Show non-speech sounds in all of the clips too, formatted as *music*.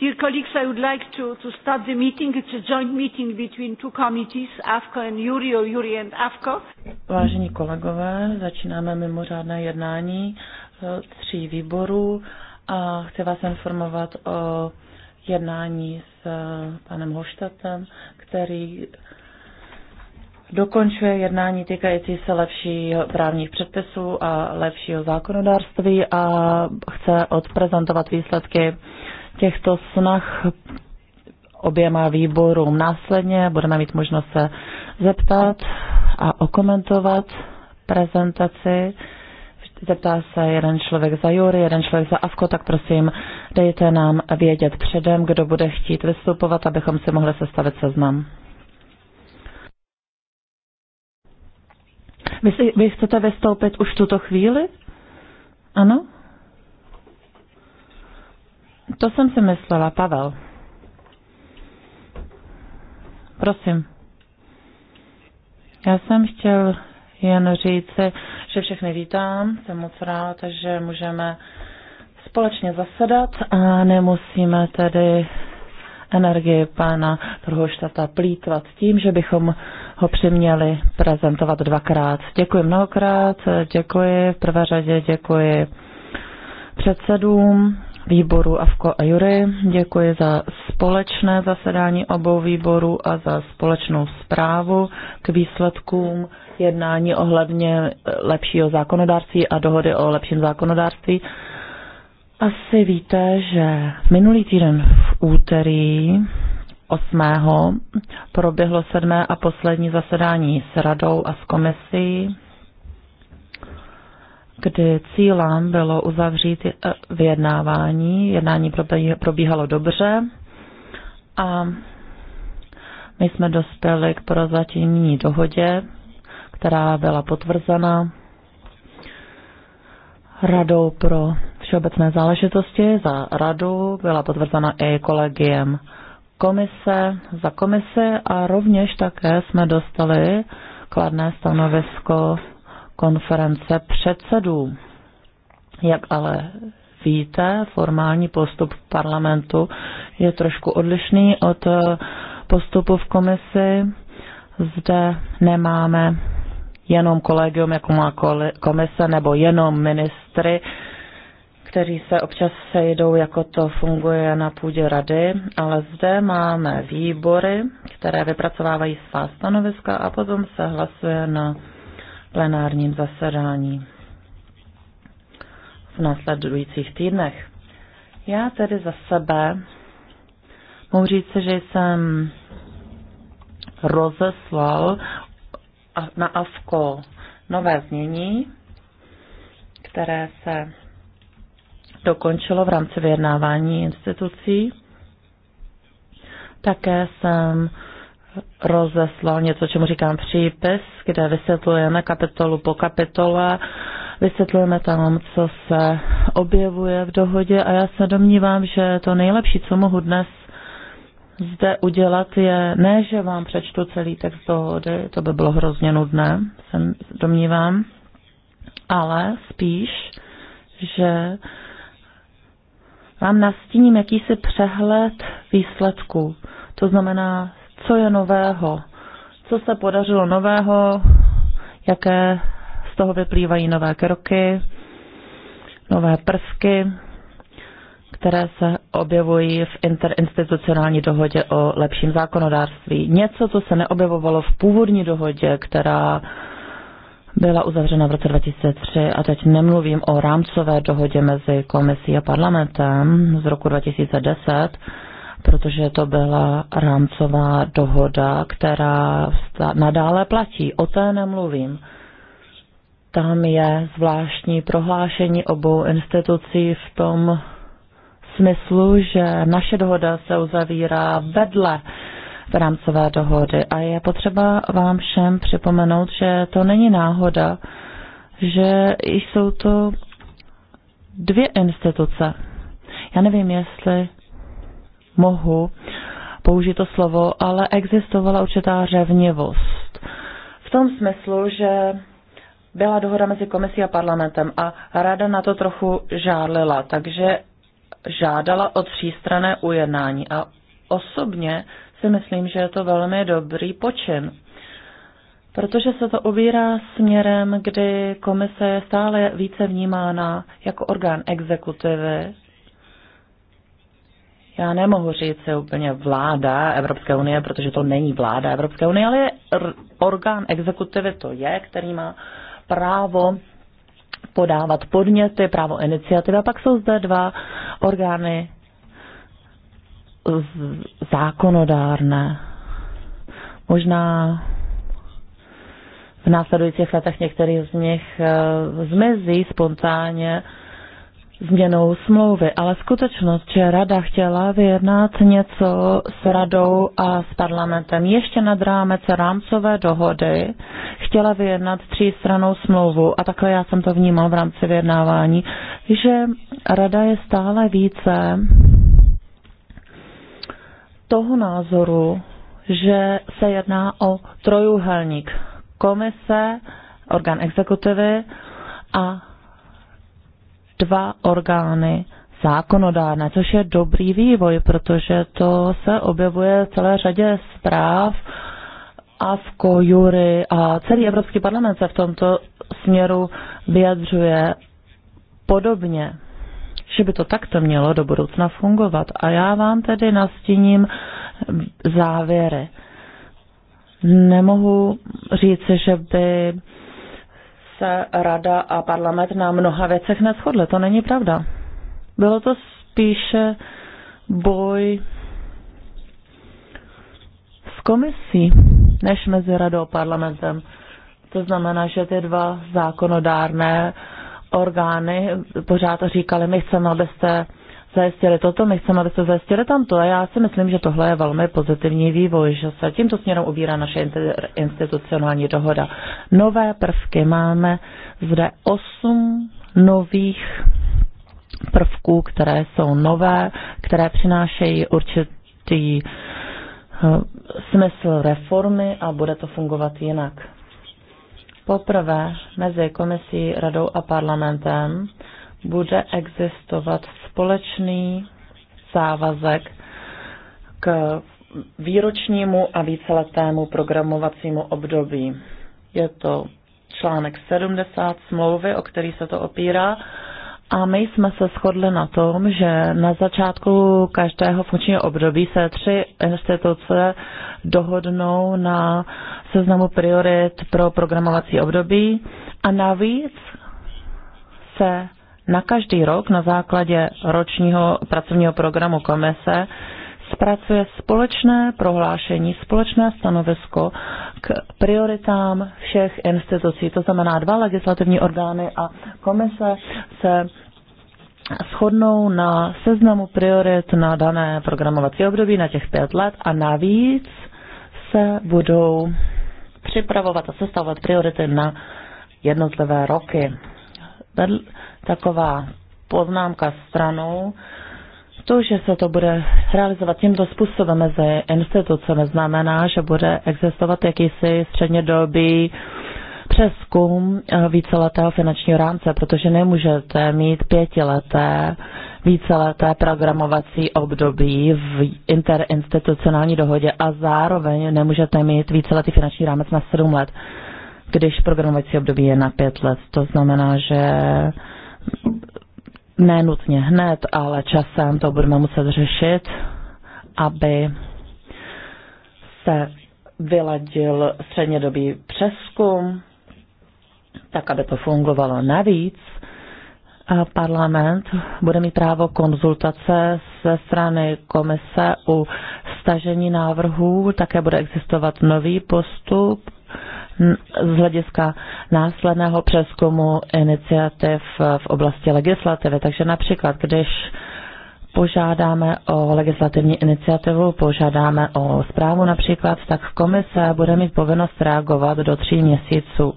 Dear colleagues, I would like to, to start the meeting. It's a joint meeting between two committees, AFCO and URI, or URI and AFCO. Vážení kolegové, začínáme mimořádné jednání e, tří výborů a chci vás informovat o jednání s e, panem Hoštatem, který dokončuje jednání týkající se lepší právních předpisů a lepšího zákonodárství a chce odprezentovat výsledky těchto snah oběma výborům. Následně budeme mít možnost se zeptat a okomentovat prezentaci. Zeptá se jeden člověk za Jury, jeden člověk za Avko, tak prosím, dejte nám vědět předem, kdo bude chtít vystupovat, abychom si mohli sestavit seznam. Vy, si, vy chcete vystoupit už tuto chvíli? Ano? To jsem si myslela, Pavel. Prosím. Já jsem chtěl jen říci, že všechny vítám, jsem moc rád, že můžeme společně zasedat a nemusíme tedy energii pana Trhoštata plítvat tím, že bychom ho přiměli prezentovat dvakrát. Děkuji mnohokrát, děkuji v prvé řadě, děkuji předsedům výboru AVKO a Jury. Děkuji za společné zasedání obou výborů a za společnou zprávu k výsledkům jednání ohledně lepšího zákonodárství a dohody o lepším zákonodárství. Asi víte, že minulý týden v úterý 8. proběhlo sedmé a poslední zasedání s radou a s komisí kdy cílem bylo uzavřít eh, vyjednávání. Jednání probíhalo dobře a my jsme dospěli k prozatímní dohodě, která byla potvrzena Radou pro všeobecné záležitosti. Za radu byla potvrzena i kolegiem komise, za komise a rovněž také jsme dostali kladné stanovisko konference předsedů. Jak ale víte, formální postup v parlamentu je trošku odlišný od eh, postupu v komisi. Zde nemáme jenom kolegium, jako má komise, nebo jenom ministry, kteří se občas sejdou, jako to funguje na půdě rady, ale zde máme výbory, které vypracovávají svá stanoviska a potom se hlasuje na plenárním zasedání v následujících týdnech. Já tedy za sebe mohu říct, že jsem rozeslal na AFKO nové znění, které se dokončilo v rámci vyjednávání institucí. Také jsem rozeslal něco, čemu říkám přípis, kde vysvětlujeme kapitolu po kapitole, vysvětlujeme tam, co se objevuje v dohodě a já se domnívám, že to nejlepší, co mohu dnes zde udělat je, ne, že vám přečtu celý text dohody, to by bylo hrozně nudné, se domnívám, ale spíš, že vám nastíním jakýsi přehled výsledků. To znamená co je nového, co se podařilo nového, jaké z toho vyplývají nové kroky, nové prvky, které se objevují v interinstitucionální dohodě o lepším zákonodárství. Něco, co se neobjevovalo v původní dohodě, která byla uzavřena v roce 2003 a teď nemluvím o rámcové dohodě mezi komisí a parlamentem z roku 2010, protože to byla rámcová dohoda, která nadále platí. O té nemluvím. Tam je zvláštní prohlášení obou institucí v tom smyslu, že naše dohoda se uzavírá vedle rámcové dohody. A je potřeba vám všem připomenout, že to není náhoda, že jsou to dvě instituce. Já nevím, jestli mohu použít to slovo, ale existovala určitá řevnivost. V tom smyslu, že byla dohoda mezi komisí a parlamentem a rada na to trochu žádlila, takže žádala o třístrané ujednání a osobně si myslím, že je to velmi dobrý počin. Protože se to ubírá směrem, kdy komise je stále více vnímána jako orgán exekutivy já nemohu říct se úplně vláda Evropské unie, protože to není vláda Evropské unie, ale orgán exekutivy to je, který má právo podávat podněty, právo iniciativy. A pak jsou zde dva orgány zákonodárné. Možná v následujících letech některý z nich eh, zmizí spontánně, změnou smlouvy, ale skutečnost, že rada chtěla vyjednat něco s radou a s parlamentem ještě nad rámec rámcové dohody, chtěla vyjednat třístranou smlouvu a takhle já jsem to vnímal v rámci vyjednávání, že rada je stále více toho názoru, že se jedná o trojuhelník komise, orgán exekutivy a dva orgány zákonodárné, což je dobrý vývoj, protože to se objevuje v celé řadě zpráv AFKO, Jury a celý Evropský parlament se v tomto směru vyjadřuje podobně, že by to takto mělo do budoucna fungovat. A já vám tedy nastíním závěry. Nemohu říci, že by se rada a parlament na mnoha věcech neschodly. To není pravda. Bylo to spíše boj s komisí, než mezi radou a parlamentem. To znamená, že ty dva zákonodárné orgány pořád říkali, my chceme, abyste zajistili toto, my chceme, abyste zajistili tamto. A já si myslím, že tohle je velmi pozitivní vývoj, že se tímto směrem ubírá naše institucionální dohoda. Nové prvky máme zde osm nových prvků, které jsou nové, které přinášejí určitý eh, smysl reformy a bude to fungovat jinak. Poprvé mezi komisí, radou a parlamentem bude existovat společný závazek k výročnímu a víceletému programovacímu období. Je to článek 70 smlouvy, o který se to opírá. A my jsme se shodli na tom, že na začátku každého funkčního období se tři instituce dohodnou na seznamu priorit pro programovací období a navíc se na každý rok na základě ročního pracovního programu komise zpracuje společné prohlášení, společné stanovisko k prioritám všech institucí. To znamená, dva legislativní orgány a komise se shodnou na seznamu priorit na dané programovací období na těch pět let a navíc se budou připravovat a sestavovat priority na jednotlivé roky taková poznámka stranou. To, že se to bude realizovat tímto způsobem mezi institucemi, znamená, že bude existovat jakýsi střednědobý přeskum eh, víceletého finančního rámce, protože nemůžete mít pětileté víceleté programovací období v interinstitucionální dohodě a zároveň nemůžete mít víceletý finanční rámec na sedm let, když programovací období je na pět let. To znamená, že nenutně nutně hned, ale časem to budeme muset řešit, aby se vyladil střednědobý přeskum, tak aby to fungovalo navíc. Parlament bude mít právo konzultace ze strany komise u stažení návrhů, také bude existovat nový postup z hlediska následného přeskumu iniciativ eh, v oblasti legislativy. Takže například, když požádáme o legislativní iniciativu, požádáme o zprávu například, tak komise bude mít povinnost reagovat do tří měsíců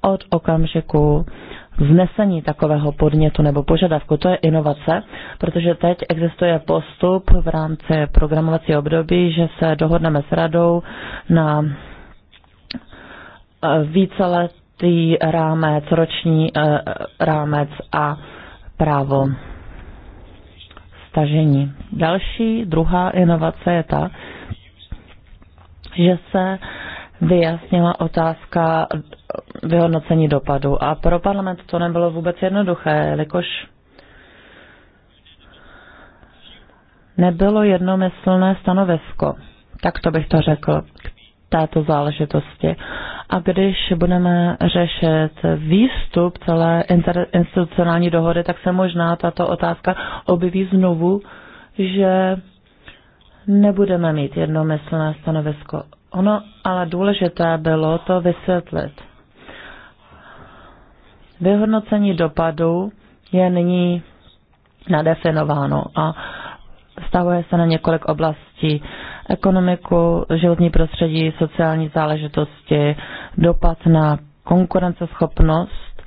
od okamžiku vznesení takového podnětu nebo požadavku. To je inovace, protože teď existuje postup v rámci programovacího období, že se dohodneme s radou na víceletý rámec, roční eh, rámec a právo stažení. Další, druhá inovace je ta, že se vyjasnila otázka vyhodnocení dopadu. A pro parlament to nebylo vůbec jednoduché, jelikož nebylo jednomyslné stanovisko, tak to bych to řekl, této záležitosti. A když budeme řešit výstup celé institucionální dohody, tak se možná tato otázka objeví znovu, že nebudeme mít jednomyslné stanovisko. Ono ale důležité bylo to vysvětlit. Vyhodnocení dopadu je nyní nadefinováno a vztahuje se na několik oblastí. Ekonomiku, životní prostředí, sociální záležitosti, dopad na konkurenceschopnost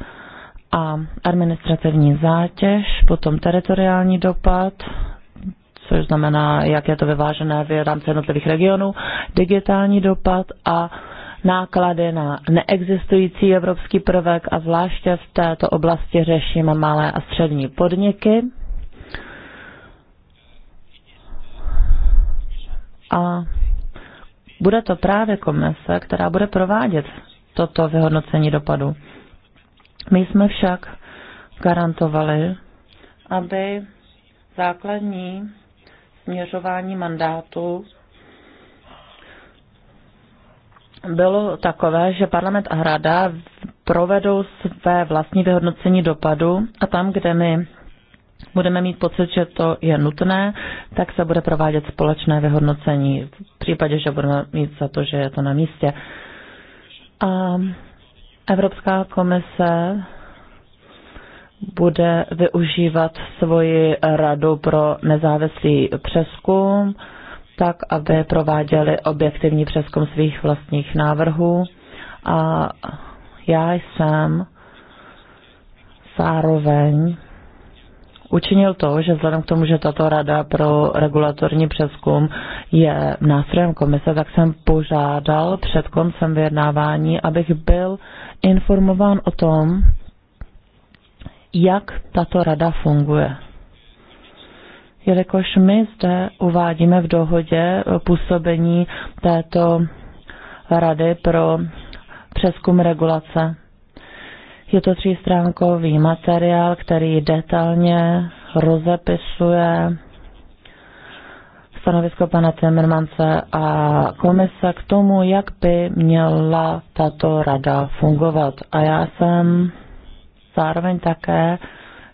a administrativní zátěž, potom teritoriální dopad, což znamená, jak je to vyvážené v rámci jednotlivých regionů, digitální dopad a náklady na neexistující evropský prvek a zvláště v této oblasti řešíme malé a střední podniky, A bude to právě komise, která bude provádět toto vyhodnocení dopadu. My jsme však garantovali, aby základní směřování mandátu bylo takové, že parlament a rada provedou své vlastní vyhodnocení dopadu a tam, kde my budeme mít pocit, že to je nutné, tak se bude provádět společné vyhodnocení v případě, že budeme mít za to, že je to na místě. A Evropská komise bude využívat svoji radu pro nezávislý přeskum, tak aby prováděli objektivní přeskum svých vlastních návrhů. A já jsem zároveň učinil to, že vzhledem k tomu, že tato rada pro regulatorní přeskum je nástrojem komise, tak jsem požádal před koncem vyjednávání, abych byl informován o tom, jak tato rada funguje. Jelikož my zde uvádíme v dohodě působení této rady pro přeskum regulace je to třístránkový materiál, který detailně rozepisuje stanovisko pana Timmermance a komise k tomu, jak by měla tato rada fungovat. A já jsem zároveň také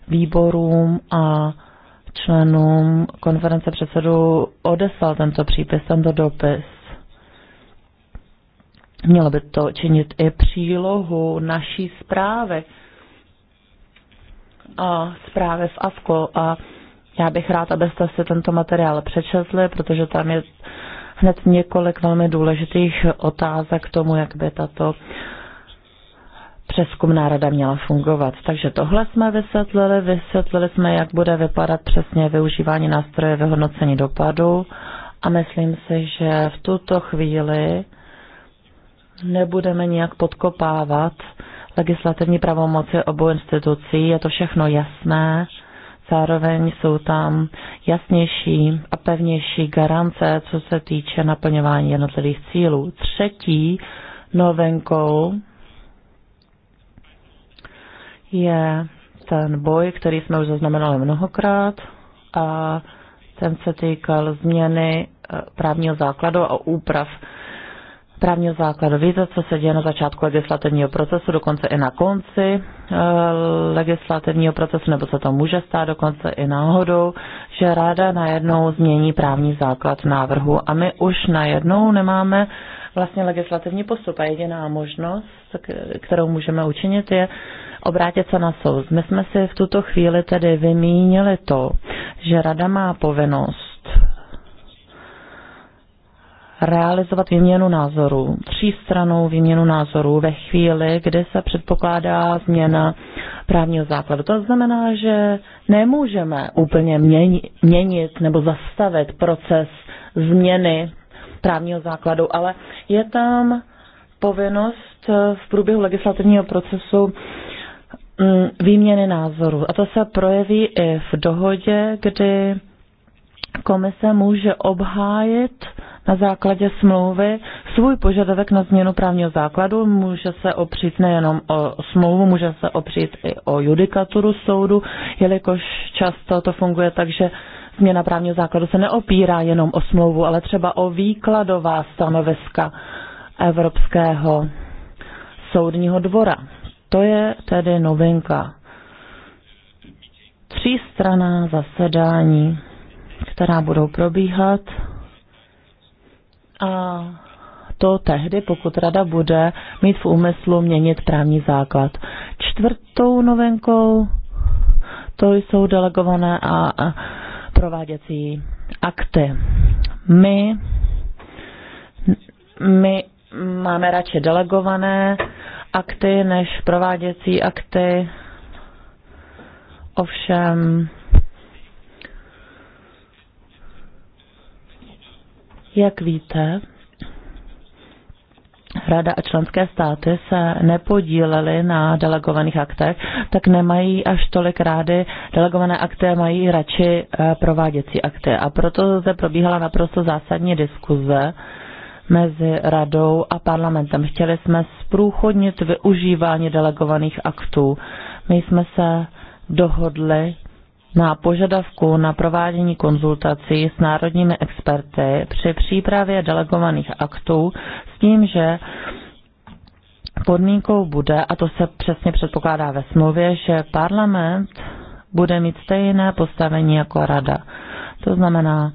výborům a členům konference předsedů odeslal tento přípis, tento dopis Mělo by to činit i přílohu naší zprávy a zprávy v AFKO a já bych rád, abyste si tento materiál přečetli, protože tam je hned několik velmi důležitých otázek k tomu, jak by tato přeskumná rada měla fungovat. Takže tohle jsme vysvětlili, vysvětlili jsme, jak bude vypadat přesně využívání nástroje vyhodnocení dopadu a myslím si, že v tuto chvíli nebudeme nějak podkopávat legislativní pravomoci obou institucí, je to všechno jasné, zároveň jsou tam jasnější a pevnější garance, co se týče naplňování jednotlivých cílů. Třetí novinkou je ten boj, který jsme už zaznamenali mnohokrát a ten se týkal změny eh, právního základu a úprav právního základu. Víte, co se děje na začátku legislativního procesu, dokonce i na konci eh, legislativního procesu, nebo se to může stát dokonce i náhodou, že ráda najednou změní právní základ návrhu a my už najednou nemáme vlastně legislativní postup a jediná možnost, kterou můžeme učinit, je obrátit se na soud. My jsme si v tuto chvíli tedy vymínili to, že rada má povinnost realizovat výměnu názorů, třístranou výměnu názorů ve chvíli, kdy se předpokládá změna právního základu. To znamená, že nemůžeme úplně měnit nebo zastavit proces změny právního základu, ale je tam povinnost v průběhu legislativního procesu mm, výměny názorů. A to se projeví i v dohodě, kdy komise může obhájit uh, na základě smlouvy svůj požadavek na změnu právního základu. Může se opřít nejenom o smlouvu, může se opřít i o judikaturu soudu, jelikož často to funguje tak, že změna právního základu se neopírá jenom o smlouvu, ale třeba o výkladová stanoviska Evropského soudního dvora. To je tedy novinka. Třístraná zasedání, která budou probíhat a to tehdy, pokud rada bude mít v úmyslu měnit právní základ. Čtvrtou novinkou to jsou delegované a prováděcí akty. My, my máme radši delegované akty než prováděcí akty. Ovšem Jak víte, Rada a členské státy se nepodílely na delegovaných aktech, tak nemají až tolik rády delegované akty, mají radši eh, prováděcí akty. A proto zde probíhala naprosto zásadní diskuze mezi radou a parlamentem. Chtěli jsme zprůchodnit využívání delegovaných aktů. My jsme se dohodli na požadavku na provádění konzultací s národními experty při přípravě delegovaných aktů s tím, že podmínkou bude, a to se přesně předpokládá ve smlouvě, že parlament bude mít stejné postavení jako rada. To znamená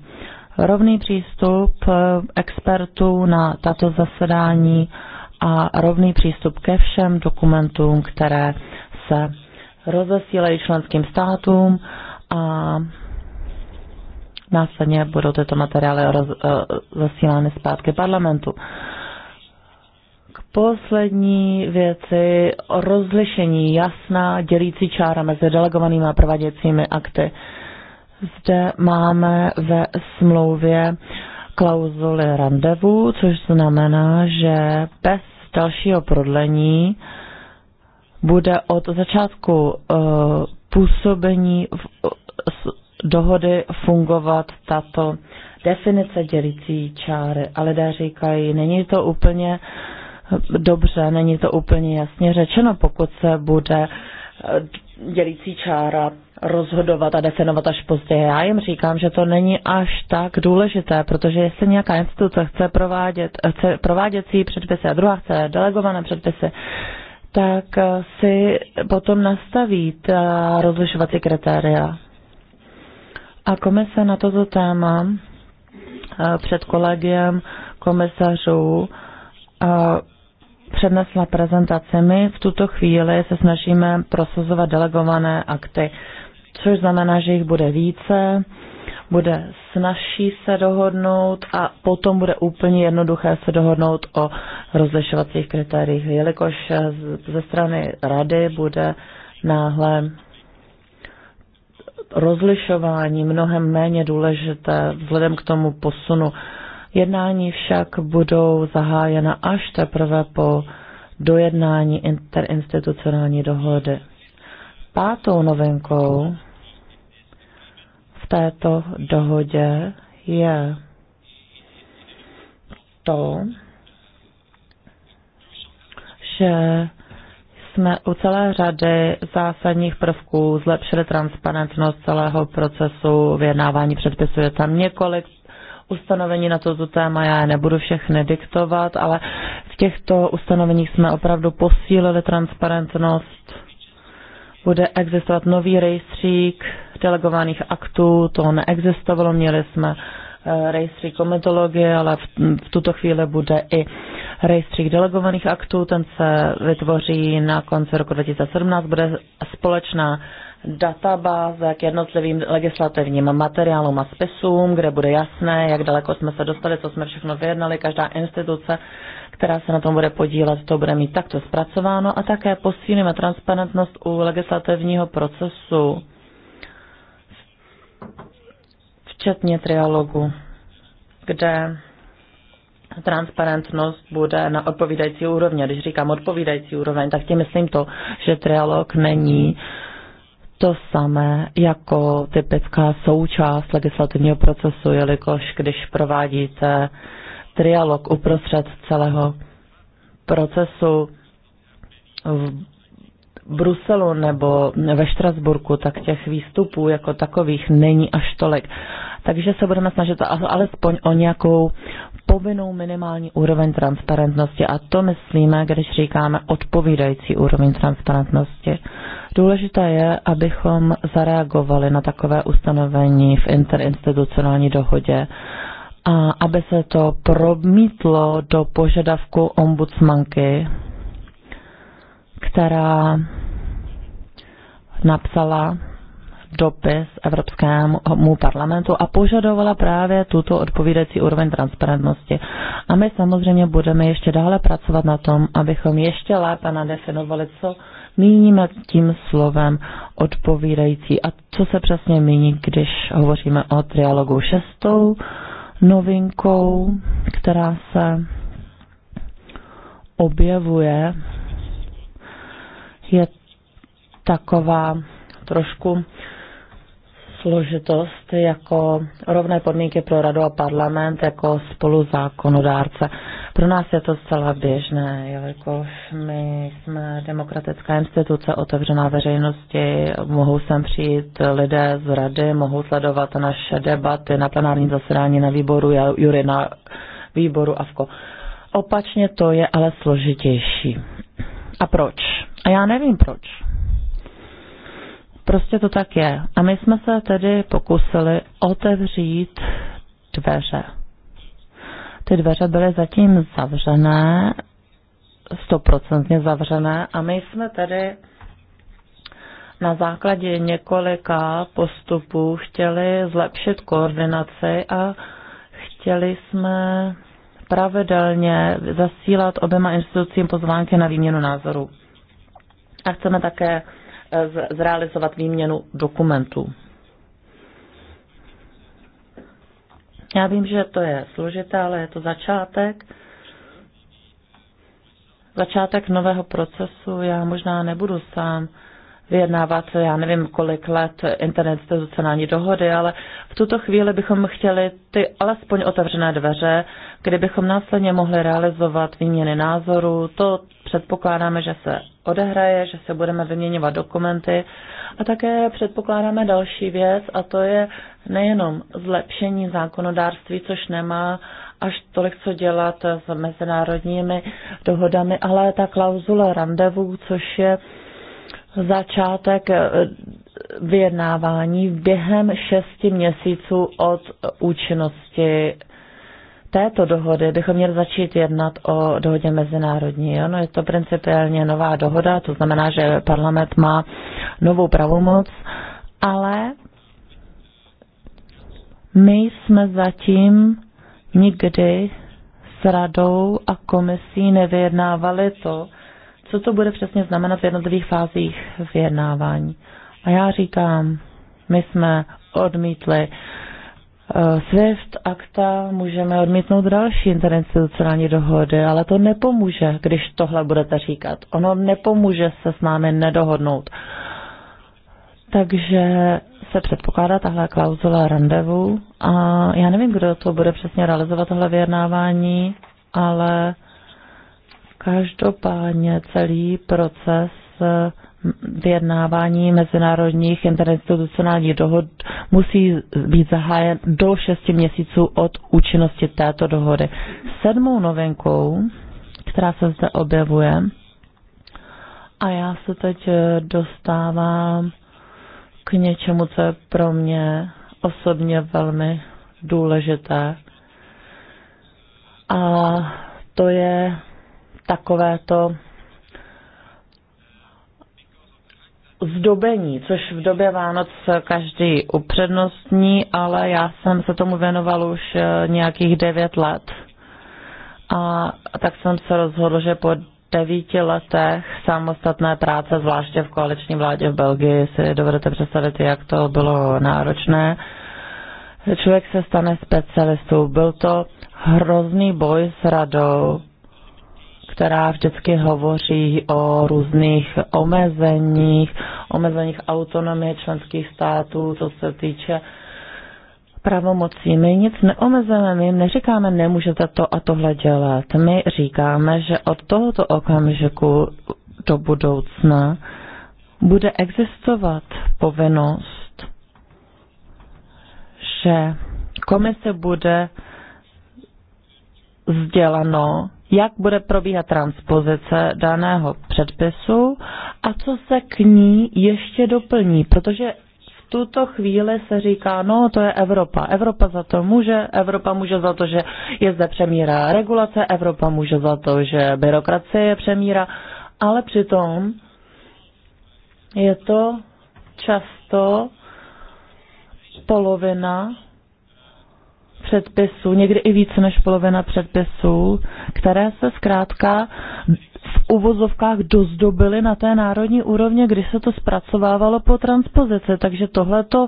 rovný přístup expertů na tato zasedání a rovný přístup ke všem dokumentům, které se rozesílají členským státům a následně budou tyto materiály roz, eh, zasílány zpátky parlamentu. K poslední věci o rozlišení jasná dělící čára mezi delegovanými a prováděcími akty. Zde máme ve smlouvě klauzuly randevu, což znamená, že bez dalšího prodlení uh, bude od začátku eh, působení v, dohody fungovat tato definice dělící čáry. A lidé říkají, není to úplně dobře, není to úplně jasně řečeno, pokud se bude eh, dělící čára rozhodovat a definovat až později. Já jim říkám, že to není až tak důležité, protože jestli nějaká instituce chce provádět, eh, chce prováděcí předpisy a druhá chce delegované předpisy, tak si potom nastaví ta eh, rozlišovací kritéria. A komise na toto téma eh, před kolegiem komisařů eh, přednesla prezentaci. My v tuto chvíli se snažíme prosazovat delegované akty, což znamená, že jich bude více bude snažší se dohodnout a potom bude úplně jednoduché se dohodnout o rozlišovacích kritériích, jelikož ze strany rady bude náhle rozlišování mnohem méně důležité vzhledem k tomu posunu. Jednání však budou zahájena až teprve po dojednání interinstitucionální dohody. Pátou novinkou této dohodě je to, že jsme u celé řady zásadních prvků zlepšili transparentnost celého procesu vyjednávání předpisů. Je tam několik ustanovení na toto téma, já nebudu všechny diktovat, ale v těchto ustanoveních jsme opravdu posílili transparentnost bude existovat nový rejstřík delegovaných aktů, to neexistovalo, měli jsme eh, rejstřík komitologie, ale v, v tuto chvíli bude i rejstřík delegovaných aktů, ten se vytvoří na konci roku 2017, bude společná databáze k jednotlivým legislativním materiálům a spisům, kde bude jasné, jak daleko jsme se dostali, co jsme všechno vyjednali. Každá instituce která se na tom bude podílet, to bude mít takto zpracováno a také posílíme transparentnost u legislativního procesu, včetně trialogu, kde transparentnost bude na odpovídající úrovni. Když říkám odpovídající úroveň, tak tím myslím to, že trialog není to samé jako typická součást legislativního procesu, jelikož když provádíte uh, trialog uprostřed celého procesu v Bruselu nebo ve Štrasburku, tak těch výstupů jako takových není až tolik. Takže se budeme snažit alespoň o nějakou povinnou minimální úroveň transparentnosti a to myslíme, když říkáme odpovídající úroveň transparentnosti. Důležité je, abychom zareagovali na takové ustanovení v interinstitucionální dohodě a aby se to promítlo do požadavku ombudsmanky, která napsala dopis Evropskému parlamentu a požadovala právě tuto odpovídající úroveň transparentnosti. A my samozřejmě budeme ještě dále pracovat na tom, abychom ještě lépe nadefinovali, co míníme tím slovem odpovídající a co se přesně míní, když hovoříme o trialogu šestou novinkou, která se objevuje, je taková trošku složitost jako rovné podmínky pro radu a parlament jako zákonodárce. Pro nás je to zcela běžné, jelikož my jsme demokratická instituce otevřená veřejnosti, mohou sem přijít lidé z rady, mohou sledovat naše debaty na plenárním zasedání na výboru, jury na výboru a vko. Opačně to je ale složitější. A proč? A já nevím proč. Prostě to tak je. A my jsme se tedy pokusili otevřít dveře. Ty dveře byly zatím zavřené, stoprocentně zavřené a my jsme tedy na základě několika postupů chtěli zlepšit koordinaci a chtěli jsme pravidelně zasílat oběma institucím pozvánky na výměnu názorů. A chceme také zrealizovat výměnu dokumentů. Já vím, že to je složité, ale je to začátek. Začátek nového procesu. Já možná nebudu sám vyjednávat, já nevím, kolik let internet institucionální dohody, ale v tuto chvíli bychom chtěli ty alespoň otevřené dveře, kdybychom následně mohli realizovat výměny názorů. To předpokládáme, že se odehraje, že se budeme vyměňovat dokumenty. A také předpokládáme další věc, a to je nejenom zlepšení zákonodárství, což nemá až tolik co dělat s mezinárodními dohodami, ale ta klauzula randevu, což je začátek eh, vyjednávání během šesti měsíců od účinnosti této dohody bychom měli začít jednat o dohodě mezinárodní. No je to principiálně nová dohoda, to znamená, že parlament má novou pravomoc, ale my jsme zatím nikdy s radou a komisí nevyjednávali to, co to bude přesně znamenat v jednotlivých fázích vyjednávání. A já říkám, my jsme odmítli uh, Eh, svést akta, můžeme odmítnout další interinstitucionální dohody, ale to nepomůže, když tohle budete říkat. Ono nepomůže se s námi nedohodnout. Takže se předpokládá tahle klauzula randevu a já nevím, kdo to bude přesně realizovat tohle vyjednávání, ale každopádně celý proces eh, vyjednávání mezinárodních interinstitucionálních dohod musí být zahájen do 6 měsíců od účinnosti této dohody. Sedmou novinkou, která se zde objevuje, a já se teď eh, dostávám k něčemu, co je pro mě osobně velmi důležité. A to je takovéto zdobení, což v době Vánoc každý upřednostní, ale já jsem se tomu věnoval už eh, nějakých devět let. A tak jsem se rozhodl, že po devíti letech samostatné práce, zvláště v koaliční vládě v Belgii, si dovedete představit, jak to bylo náročné. Člověk se stane specialistou. Byl to hrozný boj s radou, která vždycky hovoří o různých omezeních, omezeních autonomie členských států, co se týče pravomocí. My nic neomezeme, my jim neříkáme, nemůžete to a tohle dělat. My říkáme, že od tohoto okamžiku do budoucna bude existovat povinnost, že komise bude sděleno, jak bude probíhat transpozice daného předpisu a co se k ní ještě doplní, protože v tuto chvíli se říká, no to je Evropa, Evropa za to může, Evropa může za to, že je zde přemíra regulace, Evropa může za to, že byrokracie je přemíra, ale přitom je to často polovina předpisů, někdy i více než polovina předpisů, které se zkrátka v uvozovkách dozdobily na té národní úrovně, kdy se to zpracovávalo po transpozici. Takže tohleto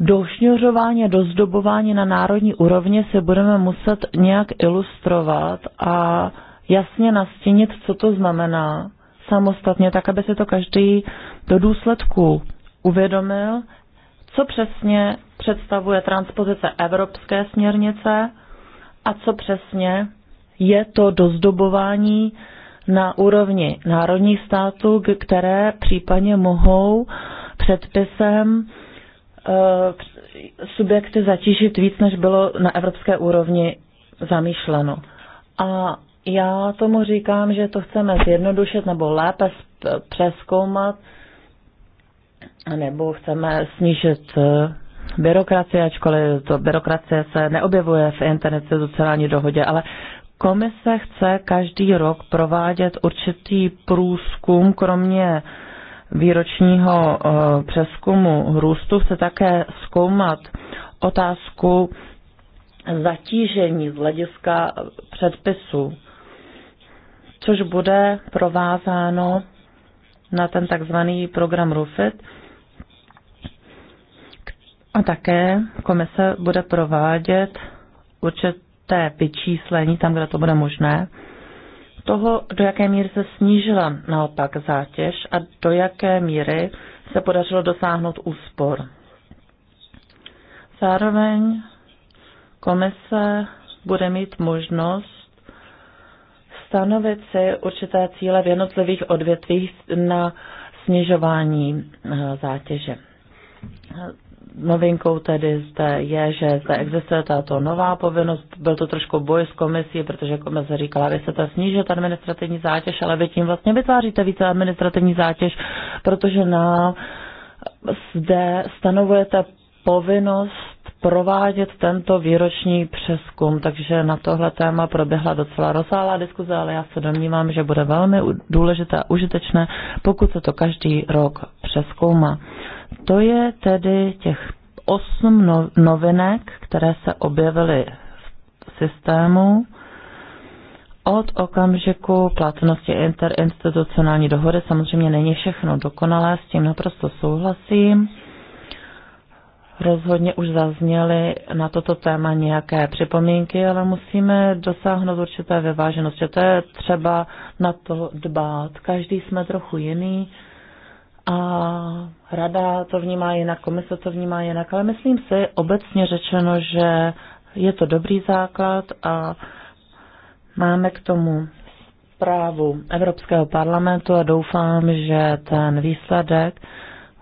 došňořování a dozdobování na národní úrovni si budeme muset nějak ilustrovat a jasně nastínit, co to znamená samostatně, tak aby se to každý do důsledku uvědomil, co přesně představuje transpozice evropské směrnice a co přesně je to dozdobování na úrovni národních států, které případně mohou předpisem eh, subjekty zatížit víc, než bylo na evropské úrovni zamýšleno. A já tomu říkám, že to chceme zjednodušit nebo lépe přeskoumat, nebo chceme snížit eh, byrokracie, ačkoliv to byrokracie se neobjevuje v internetu sociální dohodě, ale komise chce každý rok provádět určitý průzkum, kromě výročního eh, přeskumu růstu chce také zkoumat otázku zatížení z hlediska předpisů, což bude provázáno na ten takzvaný program RUFIT, a také komise bude provádět určité vyčíslení tam, kde to bude možné, toho, do jaké míry se snížila naopak zátěž a do jaké míry se podařilo dosáhnout úspor. Zároveň komise bude mít možnost stanovit si určité cíle v jednotlivých odvětvích na snižování eh, zátěže. Novinkou tedy zde je, že zde existuje tato nová povinnost. Byl to trošku boj s komisí, protože komise říkala, že se to snížit administrativní zátěž, ale vy tím vlastně vytváříte více administrativní zátěž, protože nám zde stanovujete povinnost provádět tento výroční přeskum, takže na tohle téma proběhla docela rozsáhlá diskuze, ale já se domnívám, že bude velmi důležité a užitečné, pokud se to každý rok přeskoumá. To je tedy těch osm no- novinek, které se objevily v systému od okamžiku platnosti interinstitucionální dohody samozřejmě není všechno dokonalé, s tím naprosto souhlasím. Rozhodně už zazněly na toto téma nějaké připomínky, ale musíme dosáhnout určité vyváženosti. To je třeba na to dbát. Každý jsme trochu jiný a rada to vnímá jinak, komise to vnímá jinak, ale myslím si obecně řečeno, že je to dobrý základ a máme k tomu zprávu Evropského parlamentu a doufám, že ten výsledek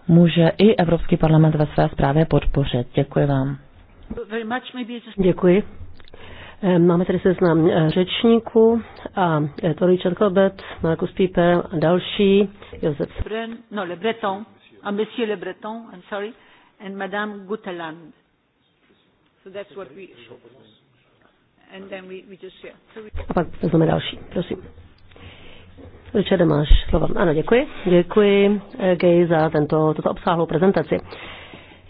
může i Evropský parlament ve své zprávě podpořit. Děkuji vám. Děkuji. Eh, máme tady seznam eh, řečníků a eh, to Richard Corbett, Markus Pípe a další. Josef. no, Le Breton, a Monsieur Le Breton, I'm sorry, and Madame Guteland. So that's what we... And then we, we just share. So we... A pak vezmeme další, prosím. Richard, máš slovo. Ano, děkuji. Děkuji, eh, Gay, za tento, tuto obsáhlou prezentaci.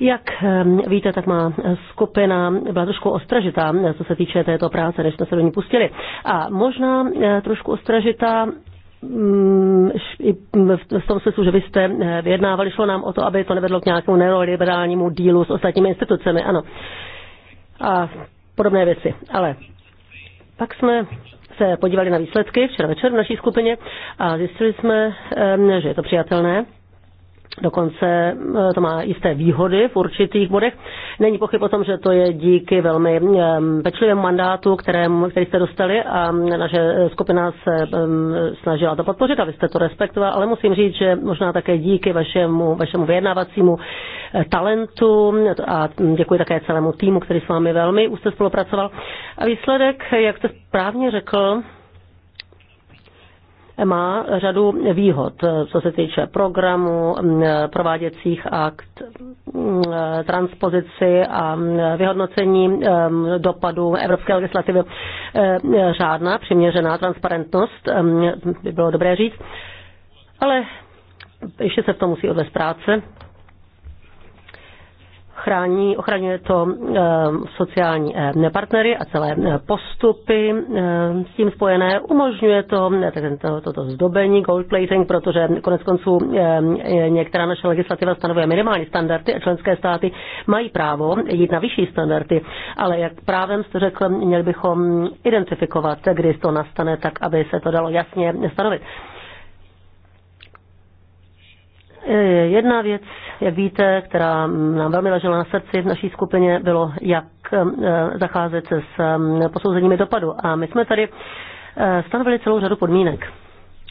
Jak ehm, víte, tak má skupina byla trošku ostražitá, eh, co se týče této práce, než jsme se do ní pustili. A možná eh, trošku ostražitá mm, mm, v tom smyslu, že vy jste vyjednávali, šlo nám o to, aby to nevedlo k nějakému neoliberálnímu dílu s ostatními institucemi, ano. A podobné věci. Ale pak jsme se podívali na výsledky včera večer v naší skupině a zjistili jsme, ehm, že je to přijatelné. Dokonce e, to má jisté výhody v určitých bodech. Není pochyb o tom, že to je díky velmi pečlivému mandátu, kterém, který jste dostali a naše skupina se snažila to podpořit a vy jste to respektovali, ale musím říct, že možná také díky vašemu, vašemu vyjednávacímu e, talentu a děkuji také celému týmu, který s vámi velmi úzce spolupracoval. A výsledek, jak jste správně řekl, má řadu výhod, co se týče programu, prováděcích akt, transpozici a vyhodnocení dopadu evropské legislativy. E, řádná, přiměřená transparentnost, by bylo dobré říct. Ale ještě se v tom musí odvést práce chrání, ochraňuje to eh, sociální eh, partnery a celé eh, postupy s tím spojené. Umožňuje to toto to, to zdobení, gold plating, protože konec konců některá naše legislativa stanovuje minimální standardy a členské státy mají právo jít na vyšší standardy, ale jak právem jste řekl, měli bychom identifikovat, kdy to nastane, tak aby se to dalo jasně stanovit. Jedna věc jak víte, která nám velmi ležela na srdci v naší skupině, bylo, jak eh, zacházet s mm, posouzeními dopadu. A my jsme tady eh, stanovili celou řadu podmínek.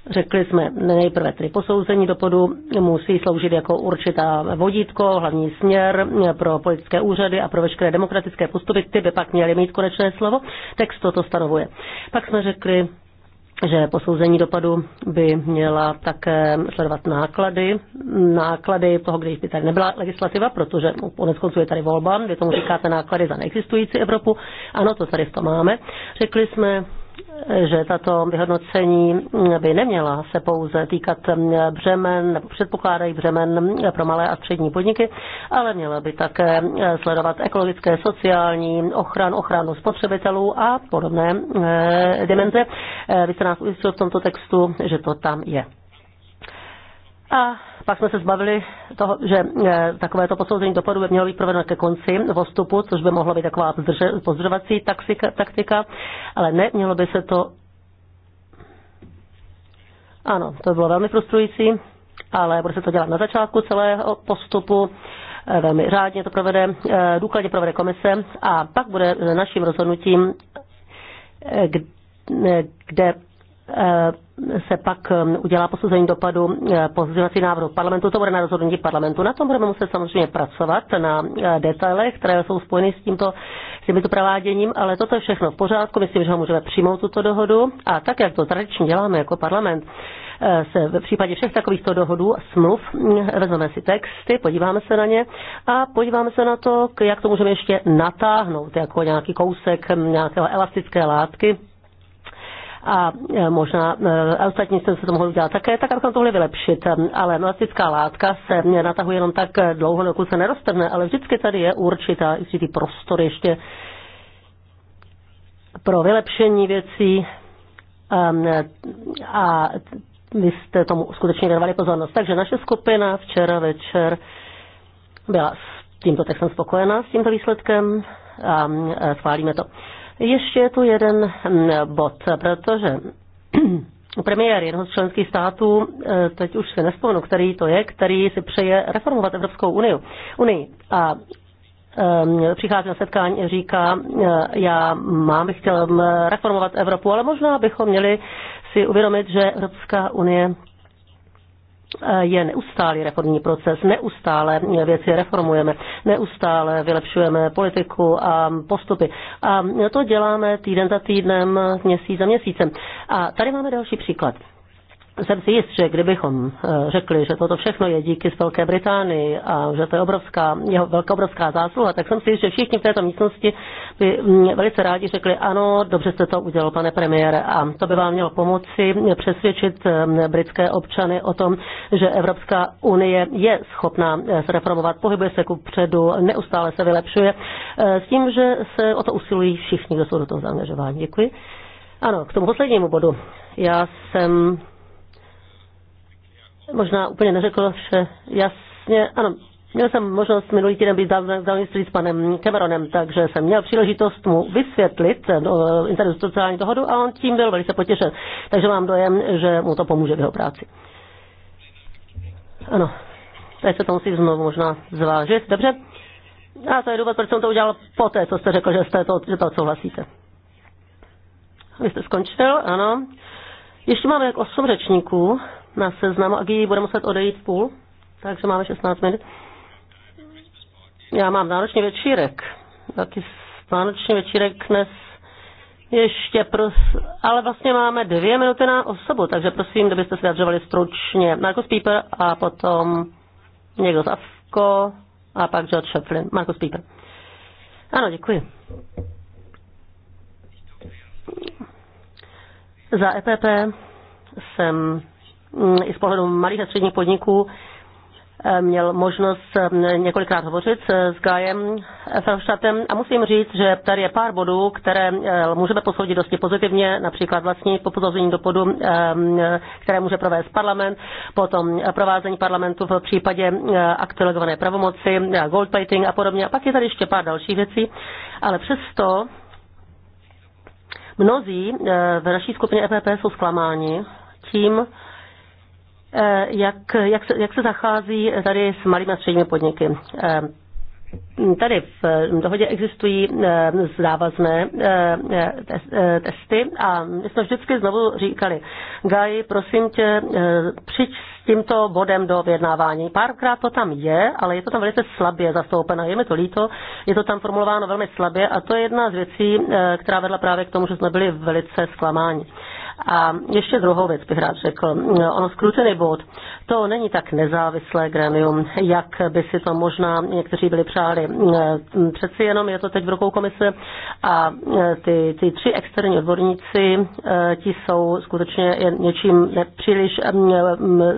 Řekli jsme nejprve tedy posouzení dopadu musí sloužit jako určitá vodítko, hlavní směr eh, pro politické úřady a pro veškeré demokratické postupy, ty by pak měly mít konečné slovo. Text toto stanovuje. Pak jsme řekli, že posouzení dopadu by měla také sledovat náklady, náklady toho, kde by tady nebyla legislativa, protože konec konců je tady volba, vy tomu říkáte náklady za neexistující Evropu. Ano, to tady v tom máme. Řekli jsme, že tato vyhodnocení by neměla se pouze týkat břemen, předpokládají břemen pro malé a střední podniky, ale měla by také sledovat ekologické, sociální, ochran, ochranu spotřebitelů a podobné eh, dimenze. Eh, vy jste nás ujistil v tomto textu, že to tam je. A pak jsme se zbavili toho, že e, takovéto posouzení dopadu by mělo být provedeno ke konci postupu, což by mohla být taková pozdrovací taktika, ale ne, mělo by se to. Ano, to by bylo velmi frustrující, ale bude se to dělat na začátku celého postupu e, velmi řádně to provede, e, důkladně provede komise a pak bude naším rozhodnutím, kde Eh, se pak eh, udělá posouzení dopadu eh, pozdělací návrhu parlamentu. To bude na rozhodnutí parlamentu. Na tom budeme muset samozřejmě pracovat na detailech, které jsou spojeny s tímto, s tímto prováděním, ale toto je všechno v pořádku. Myslím, že ho můžeme přijmout tuto dohodu a tak, jak to tradičně děláme jako parlament, se v případě všech takovýchto dohodů a smluv vezmeme si texty, podíváme se na ně a podíváme se na to, jak to můžeme ještě natáhnout jako nějaký kousek hm, nějakého elastické látky a e, možná a e, ostatní jsem se to mohl udělat také, tak abychom tohle vylepšit. E, ale elastická látka se natahuje jenom tak dlouho, dokud se neroztrhne, ale vždycky tady je určitá, určitý prostor ještě pro vylepšení věcí ehm, a vy jste tomu skutečně věnovali pozornost. Takže naše skupina včera večer byla s tímto textem spokojená, s tímto výsledkem a ehm, schválíme to. Ještě je tu jeden mm, bod, protože *clears throat* premiér jednoho z členských států, e, teď už se nespomenu, který to je, který si přeje reformovat Evropskou unii. unii. A přichází na setkání a říká, e, já mám, bych chtěl reformovat Evropu, ale možná bychom měli si uvědomit, že Evropská unie Eh, je neustálý reformní proces, neustále věci reformujeme, neustále vylepšujeme politiku a postupy. A to děláme týden za týdnem, měsíc za měsícem. A tady máme další příklad jsem si jist, že kdybychom eh, řekli, že toto všechno je díky z Velké Británii a že to je obrovská, jeho velká obrovská zásluha, tak jsem si jist, že všichni v této místnosti by mm, velice rádi řekli, ano, dobře jste to udělal, pane premiére, a to by vám mělo pomoci přesvědčit eh, britské občany o tom, že Evropská unie je schopná eh, se reformovat, pohybuje se ku předu, neustále se vylepšuje, s tím, že se o to usilují všichni, kdo jsou do toho zaangažováni. Děkuji. Ano, k tomu poslednímu bodu. Já jsem možná úplně neřekl vše jasně. Ano, měl jsem možnost minulý týden být v s panem Cameronem, takže jsem měl příležitost mu vysvětlit no, eh, eh, interinstitucionální dohodu a on tím byl velice potěšen. Takže mám dojem, že mu to pomůže v jeho práci. Ano, teď se to musí znovu možná zvážit. Dobře? A to je důvod, proč jsem to udělal poté, co jste řekl, že, jste to, že to odsouhlasíte. Vy jste skončil, ano. Ještě máme jak osm řečníků na seznamu a Gigi bude muset odejít v půl, takže máme 16 minut. Já mám vánoční večírek. Taky vánoční večírek dnes ještě pros... Ale vlastně máme dvě minuty na osobu, takže prosím, kdybyste se vyjadřovali stručně. Markus Pieper a potom někdo z Afko a pak George Shefflin. Markus Pieper. Ano, děkuji. Za EPP jsem Mm, i z pohledu malých a středních podniků eh, měl možnost eh, několikrát hovořit eh, s Gajem Felštatem a musím říct, že tady je pár bodů, které můžeme posoudit dosti pozitivně, například vlastní do dopadu, ehm, které může provést parlament, potom provázení parlamentu v případě aktualizované pravomoci, gold plating a podobně. A pak je tady ještě pár dalších věcí, ale přesto mnozí v naší skupině EPP jsou zklamáni tím, Eh, jak, jak, se, jak se zachází tady s malými a středními podniky. Eh, tady v dohodě existují eh, závazné testy a my jsme vždycky znovu říkali, Gaj, prosím tě, přič s tímto bodem do vyjednávání. Párkrát to tam je, ale je to tam velice slabě zastoupeno. Je mi to líto, je to tam formulováno velmi slabě a to je jedna z věcí, která vedla právě k tomu, že jsme byli velice zklamáni. A ještě druhou věc bych rád řekl. Ono Scrutiny bod, to není tak nezávislé gremium, jak by si to možná někteří byli přáli. E, přeci jenom je to teď v rukou komise a e, ty, ty tři externí odborníci, e, ti jsou skutečně něčím nepříliš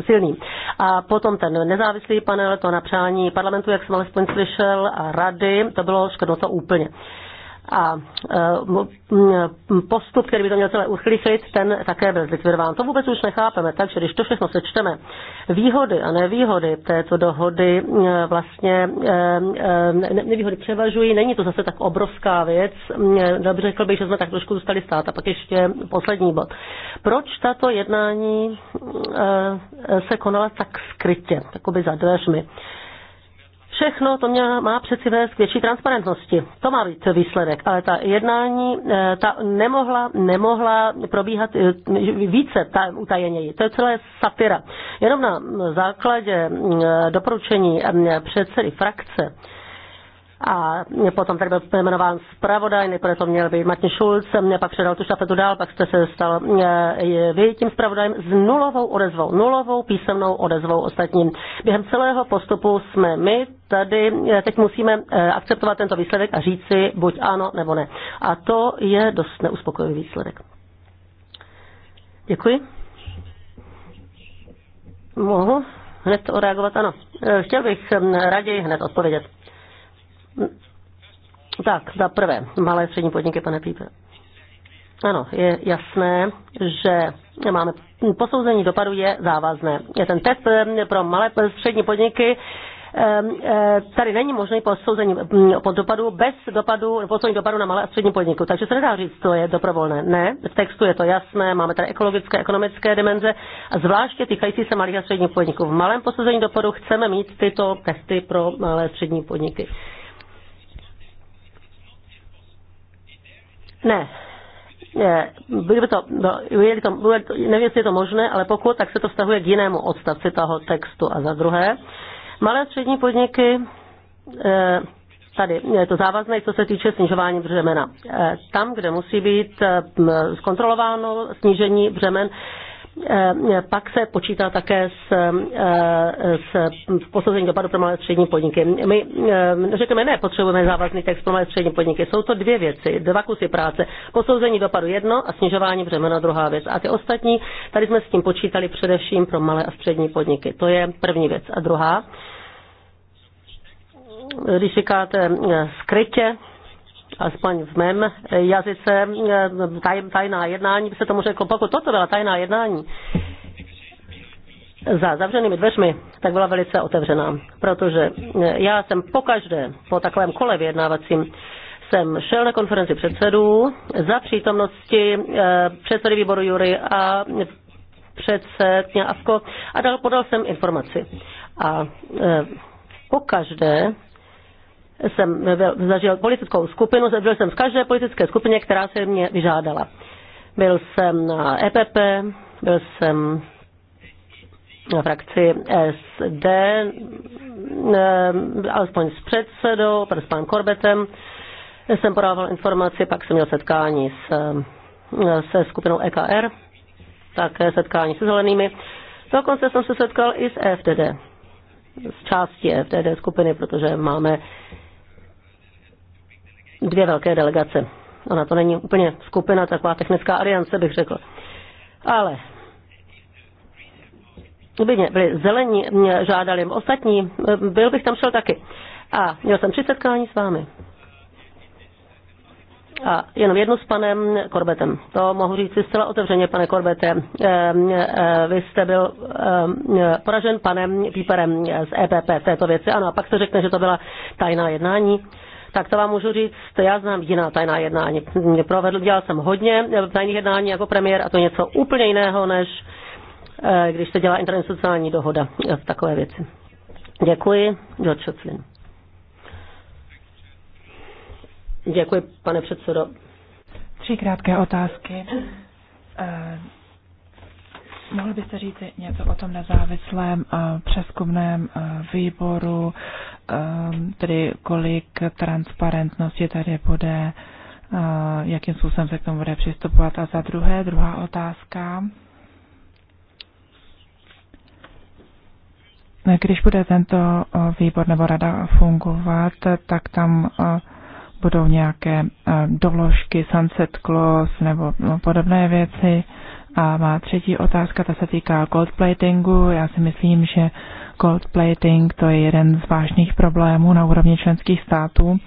silný. A potom ten nezávislý panel, to napřání parlamentu, jak jsem alespoň slyšel, a rady, to bylo to úplně a e, postup, který by to měl celé uchrychlit, ten také byl zlikvidován. To vůbec už nechápeme, takže když to všechno sečteme, výhody a nevýhody této dohody e, vlastně e, nevýhody převažují, není to zase tak obrovská věc. Dobře řekl bych, že jsme tak trošku zůstali stát. A pak ještě poslední bod. Proč tato jednání se konala tak skrytě, takoby za dveřmi? Všechno to mě má přeci vést k větší transparentnosti. To má být výsledek. Ale ta jednání, eh, ta nemohla, nemohla probíhat eh, více ta, utajeněji. To je celé satira. Jenom na základě eh, doporučení předsedy frakce, a potom tady byl jmenován zpravodaj, nejprve to měl být Martin Schulz, mě pak předal tu štafetu dál, pak jste se stal vy tím zpravodajem s nulovou odezvou, nulovou písemnou odezvou ostatním. Během celého postupu jsme my tady eh, teď musíme eh, akceptovat tento výsledek a říci buď ano nebo ne. A to je dost neuspokojivý výsledek. Děkuji. Mohu hned reagovat? Ano. Eh, chtěl bych raději hned odpovědět. Tak, za prvé, malé střední podniky, pane Pípe. Ano, je jasné, že máme posouzení dopadu je závazné. Je ten test pro malé střední podniky Ehm, eh, tady není možné posouzení mm, pod dopadu bez dopadu, posouzení dopadu na malé a střední podniku. Takže se nedá říct, to je dobrovolné. Ne, v textu je to jasné, máme tady ekologické, ekonomické dimenze a zvláště týkající se malých a středních podniků. V malém posouzení dopadu chceme mít tyto testy pro malé a střední podniky. Ne, Bylo by to, no, je to, nevím, jestli je to možné, ale pokud, tak se to vztahuje k jinému odstavci toho textu. A za druhé, Malé střední podniky eh, tady je to závazné, co se týče snižování břemena. Eh, tam, kde musí být zkontrolováno eh, snížení břemen, Eh, pak se počítá také s, eh, s posouzením dopadu pro malé střední podniky. My eh, řekneme, ne, potřebujeme závazný text pro malé střední podniky. Jsou to dvě věci, dva kusy práce. Posouzení dopadu jedno a snižování břemena druhá věc. A ty ostatní, tady jsme s tím počítali především pro malé a střední podniky. To je první věc. A druhá, když říkáte skrytě, aspoň v mém eh, jazyce, eh, taj, tajná jednání by se tomu řeklo, pokud toto byla tajná jednání, za zavřenými dveřmi, tak byla velice otevřená, protože eh, já jsem pokaždé po takovém kole vyjednávacím jsem šel na konferenci předsedů za přítomnosti předsedy výboru Jury a předsedně Avko a dal, podal jsem informaci. A pokaždé jsem zažil politickou skupinu, Byl jsem v každé politické skupině, která se mě vyžádala. Byl jsem na EPP, byl jsem na frakci SD, eh, alespoň s předsedou, s panem Korbetem. Jsem podával informaci, pak jsem měl setkání s, eh, se skupinou EKR, také setkání se zelenými. Dokonce jsem se setkal i s e FDD, s částí e FDD skupiny, protože máme dvě velké delegace. Ona to není úplně skupina, taková technická aliance bych řekl. Ale by byli zelení, mě žádali ostatní, eh, byl bych tam šel taky. A měl jsem tři setkání s vámi. A jenom jednu s panem Korbetem. To mohu říct si zcela otevřeně, pane Korbete. Eh, eh, vy jste byl poražen panem Píperem z EPP v této věci. Ano, a pak se řekne, že to byla tajná jednání tak to vám můžu říct, to já znám jiná tajná jednání. Provedl, dělal jsem hodně tajných jednání jako premiér a to je něco úplně jiného, než eh, když se dělá internacionální dohoda v takové věci. Děkuji. George Šoclin. Děkuji, pane předsedo. Tři krátké otázky. Eh, Mohl byste říct něco o tom nezávislém eh, přeskumném eh, výboru, eh, tedy kolik transparentnosti tady bude, jakým způsobem se k tomu bude přistupovat. A za druhé, druhá otázka. Když bude tento výbor nebo rada fungovat, tak tam budou nějaké doložky, sunset clause nebo no, podobné věci. A má třetí otázka, ta se týká goldplatingu. Já si myslím, že goldplating to je jeden z vážných problémů na úrovni členských států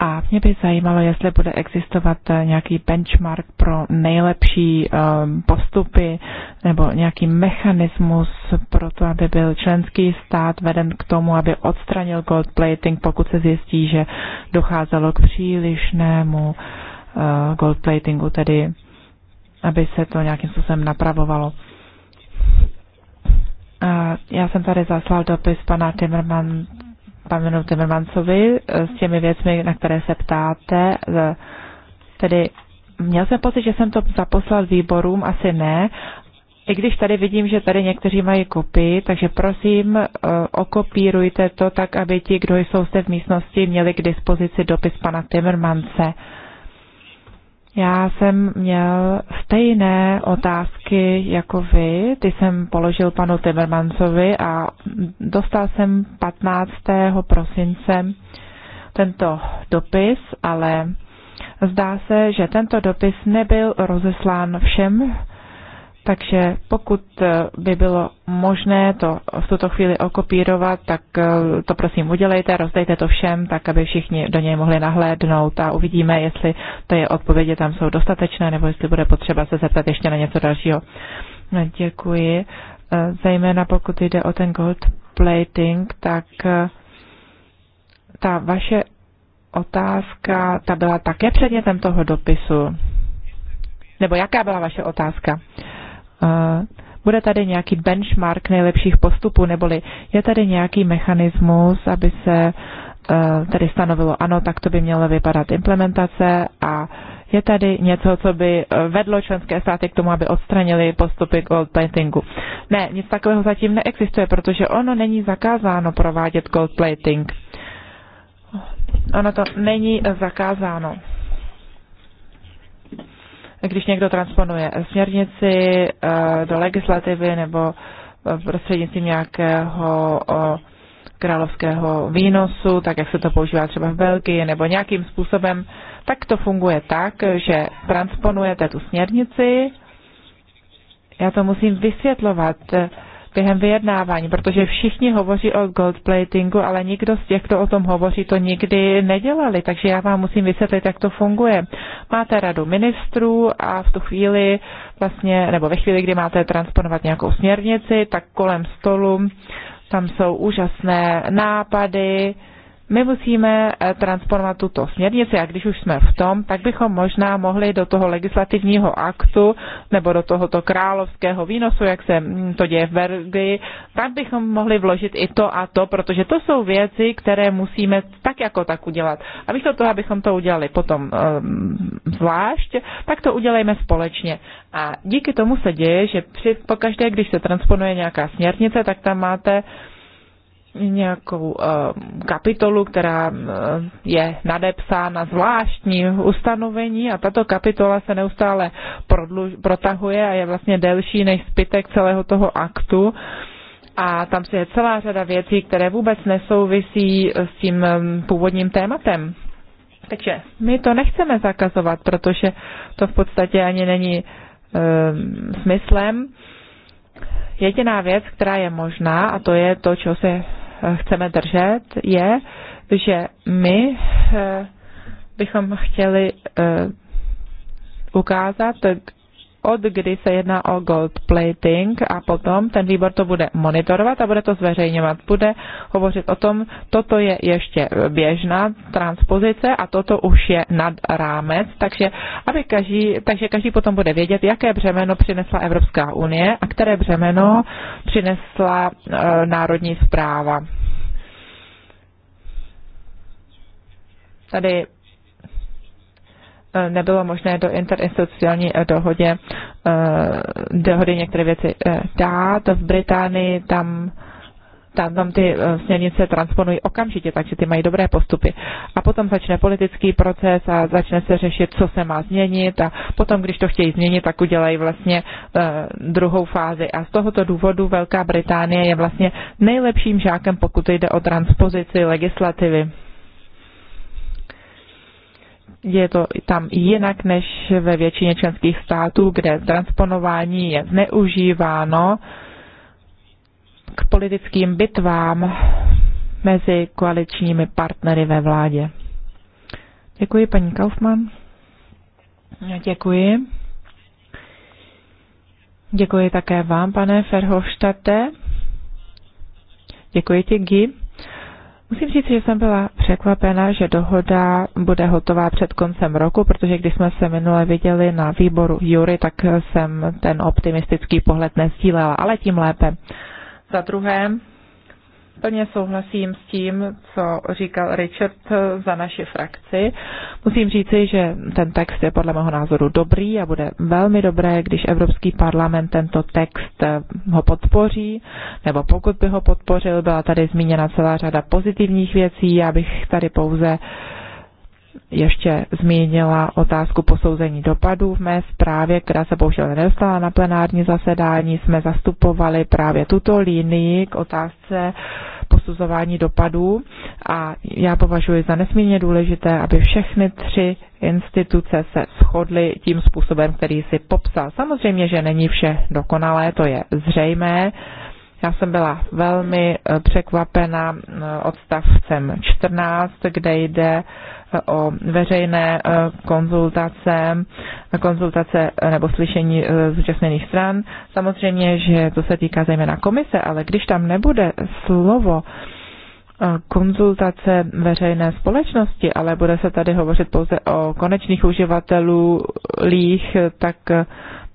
a mě by zajímalo, jestli bude existovat eh, nějaký benchmark pro nejlepší ehm, postupy nebo nějaký mechanismus pro to, aby byl členský stát veden k tomu, aby odstranil goldplating, pokud se zjistí, že docházelo k přílišnému eh, goldplatingu, tedy aby se to nějakým způsobem napravovalo. Já jsem tady zaslal dopis pana Timmerman, panu Timmermansovi eh, s těmi věcmi, na které se ptáte. Eh, tedy měl jsem pocit, že jsem to zaposlal výborům, asi ne, i když tady vidím, že tady někteří mají kopii, takže prosím, eh, okopírujte to tak, aby ti, kdo jsou zde v místnosti, měli k dispozici dopis pana Timmermance. Já jsem měl stejné otázky jako vy, ty jsem položil panu Timmermansovi a dostal jsem 15. prosince tento dopis, ale zdá se, že tento dopis nebyl rozeslán všem takže pokud eh, by bylo možné to v tuto chvíli okopírovat, tak eh, to prosím udělejte, rozdejte to všem, tak aby všichni do něj mohli nahlédnout a uvidíme, jestli ty odpovědi tam jsou dostatečné, nebo jestli bude potřeba se zeptat ještě na něco dalšího. No, děkuji. Eh, zejména pokud jde o ten gold plating, tak ta vaše otázka, ta byla také předmětem toho dopisu. Nebo jaká byla vaše otázka? Uh, Eh, bude tady nějaký benchmark nejlepších postupů, neboli je tady nějaký mechanismus, aby se eh, tady stanovilo, ano, tak to by měla vypadat implementace a je tady něco, co by eh, vedlo členské státy k tomu, aby odstranili postupy gold platingu. Ne, nic takového zatím neexistuje, protože ono není zakázáno provádět gold plating. Ono to není zakázáno když někdo transponuje směrnici eh, do legislativy nebo eh, prostřednictvím nějakého královského výnosu, tak jak se to používá třeba v Belgii, nebo nějakým způsobem, tak to funguje tak, že transponujete tu směrnici, já to musím vysvětlovat, během vyjednávání, protože všichni hovoří o goldplatingu, ale nikdo z těch, kdo o tom hovoří, to nikdy nedělali, takže já vám musím vysvětlit, jak to funguje. Máte radu ministrů a v tu chvíli vlastně, nebo ve chvíli, kdy máte transponovat nějakou směrnici, tak kolem stolu tam jsou úžasné nápady, my musíme eh, transformovat tuto směrnici a když už jsme v tom, tak bychom možná mohli do toho legislativního aktu nebo do tohoto královského výnosu, jak se mm, to děje v Belgii, tak bychom mohli vložit i to a to, protože to jsou věci, které musíme tak jako tak udělat. A místo toho, abychom to udělali potom um, zvlášť, tak to udělejme společně. A díky tomu se děje, že při, pokaždé, když se transponuje nějaká směrnice, tak tam máte nějakou eh, kapitolu, která eh, je nadepsána zvláštní ustanovení a tato kapitola se neustále prodluž, protahuje a je vlastně delší než zbytek celého toho aktu. A tam se je celá řada věcí, které vůbec nesouvisí s tím eh, původním tématem. Takže my to nechceme zakazovat, protože to v podstatě ani není e, smyslem. Jediná věc, která je možná, a to je to, čeho se chceme držet, je, že my eh, bychom chtěli eh, ukázat, od kdy se jedná o gold plating a potom ten výbor to bude monitorovat a bude to zveřejňovat. Bude hovořit o tom, toto je ještě běžná transpozice a toto už je nad rámec, takže, aby každý, takže každý potom bude vědět, jaké břemeno přinesla Evropská unie a které břemeno přinesla e, národní zpráva. Tady nebylo možné do interinstitucionální eh, dohodě, eh, dohody některé věci eh, dát. V Británii tam tam, tam ty směrnice transponují okamžitě, takže ty mají dobré postupy. A potom začne politický proces a začne se řešit, co se má změnit a potom, když to chtějí změnit, tak udělají vlastně druhou fázi. A z tohoto důvodu Velká Británie je vlastně nejlepším žákem, pokud jde o transpozici legislativy je to tam jinak než ve většině členských států, kde transponování je zneužíváno k politickým bitvám mezi koaličními partnery ve vládě. Děkuji, paní Kaufmann. Děkuji. Děkuji také vám, pane Ferhofštate. Děkuji ti, Guy Musím říct, že jsem byla překvapena, že dohoda bude hotová před koncem roku, protože když jsme se minule viděli na výboru Jury, tak jsem ten optimistický pohled nezdílela, ale tím lépe. Za druhé, plně souhlasím s tím, co říkal Richard za naši frakci. Musím říci, že ten text je podle mého názoru dobrý a bude velmi dobré, když Evropský parlament tento text eh, ho podpoří, nebo pokud by ho podpořil, byla tady zmíněna celá řada pozitivních věcí, já bych tady pouze uh, ještě zmínila otázku posouzení dopadů v mé zprávě, která se bohužel nedostala na plenární zasedání. Jsme zastupovali právě tuto línii k otázce posuzování dopadů a já považuji za nesmírně důležité, aby všechny tři instituce se shodly tím způsobem, který si popsal. Samozřejmě, že není vše dokonalé, to je zřejmé. Já jsem byla velmi eh, překvapena eh, odstavcem 14, kde jde o veřejné eh, konzultace, konzultace eh, nebo slyšení eh, zúčastněných stran. Samozřejmě, že to se týká zejména komise, ale když tam nebude slovo konzultace veřejné společnosti, ale bude se tady hovořit pouze o konečných uživatelů, lích, tak,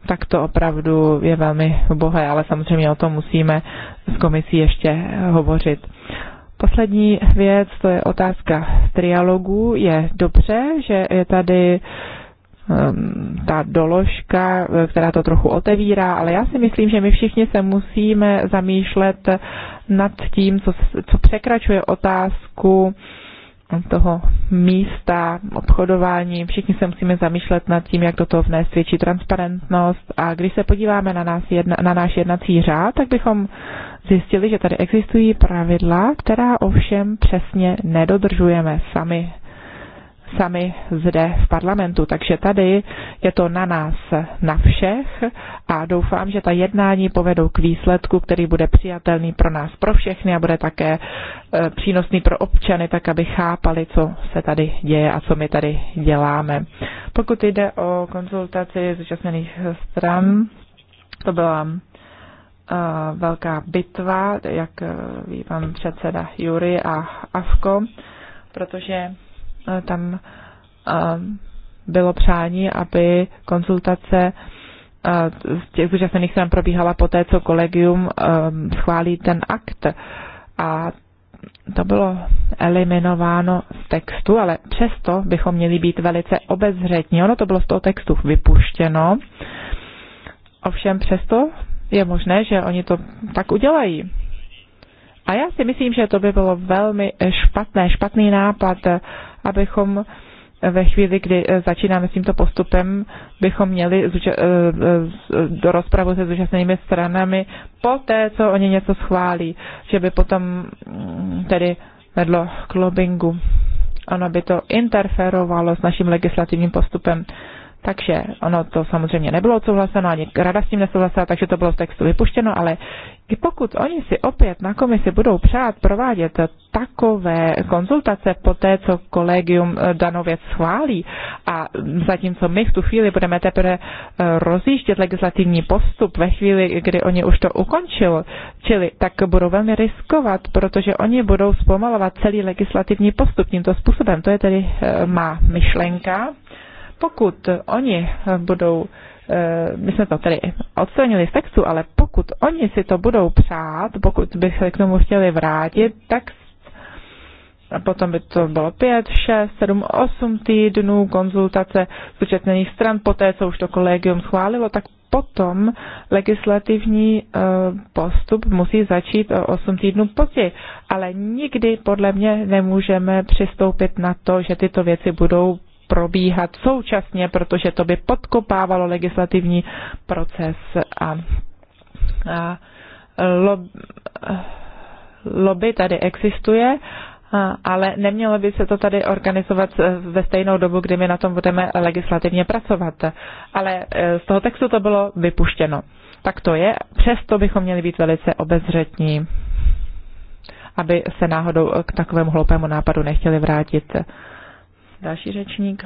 tak to opravdu je velmi bohé, ale samozřejmě o tom musíme s komisí ještě hovořit. Poslední věc, to je otázka trialogu. Je dobře, že je tady um, ta doložka, která to trochu otevírá, ale já si myslím, že my všichni se musíme zamýšlet nad tím, co, co překračuje otázku toho místa obchodování. Všichni se musíme zamýšlet nad tím, jak toto vnést větší transparentnost. A když se podíváme na, nás jedna, na náš jednací řád, tak bychom zjistili, že tady existují pravidla, která ovšem přesně nedodržujeme sami sami zde v parlamentu. Takže tady je to na nás, na všech a doufám, že ta jednání povedou k výsledku, který bude přijatelný pro nás, pro všechny a bude také e, přínosný pro občany, tak aby chápali, co se tady děje a co my tady děláme. Pokud jde o konzultaci zúčastněných stran, to byla e, velká bitva, jak ví pan předseda Jury a Avko, protože Eh, tam eh, bylo přání, aby konzultace eh, z těch zúčastněných stran probíhala poté, co kolegium schválí ten akt. A to bylo eliminováno z textu, ale přesto bychom měli být velice obezřetní. Ono to bylo z toho textu vypuštěno. Ovšem přesto je možné, že oni to tak udělají. A já si myslím, že to by bylo velmi špatné, špatný nápad abychom eh, ve chvíli, kdy eh, začínáme s tímto postupem, bychom měli eh, do rozpravu se zúčastněnými stranami po té, co oni něco schválí, že by potom mm, tedy vedlo k lobbingu. Ono by to interferovalo s naším legislativním postupem. Takže ono to samozřejmě nebylo odsouhlaseno, ani rada s tím nesouhlasila, takže to bylo z textu vypuštěno, ale pokud oni si opět na komisi budou přát provádět takové konzultace po té, co kolegium eh, danou věc schválí a zatímco my v tu chvíli budeme teprve eh, rozjíždět legislativní postup ve chvíli, kdy oni už to ukončil, čili tak budou velmi riskovat, protože oni budou zpomalovat celý legislativní postup tímto způsobem. To je tedy eh, má myšlenka. Pokud oni budou Eh, my jsme to tedy odstranili z textu, ale pokud oni si to budou přát, pokud by se k tomu chtěli vrátit, tak a potom by to bylo 5, 6, 7, 8 týdnů konzultace zúčastněných stran, poté co už to kolegium schválilo, tak potom legislativní eh, postup musí začít o 8 týdnů později. Ale nikdy podle mě nemůžeme přistoupit na to, že tyto věci budou probíhat současně, protože to by podkopávalo legislativní proces a, a lob, lobby tady existuje, ale nemělo by se to tady organizovat ve stejnou dobu, kdy my na tom budeme legislativně pracovat. Ale e, z toho textu to bylo vypuštěno. Tak to je, přesto bychom měli být velice obezřetní, aby se náhodou k takovému hloupému nápadu nechtěli vrátit. Další řečník.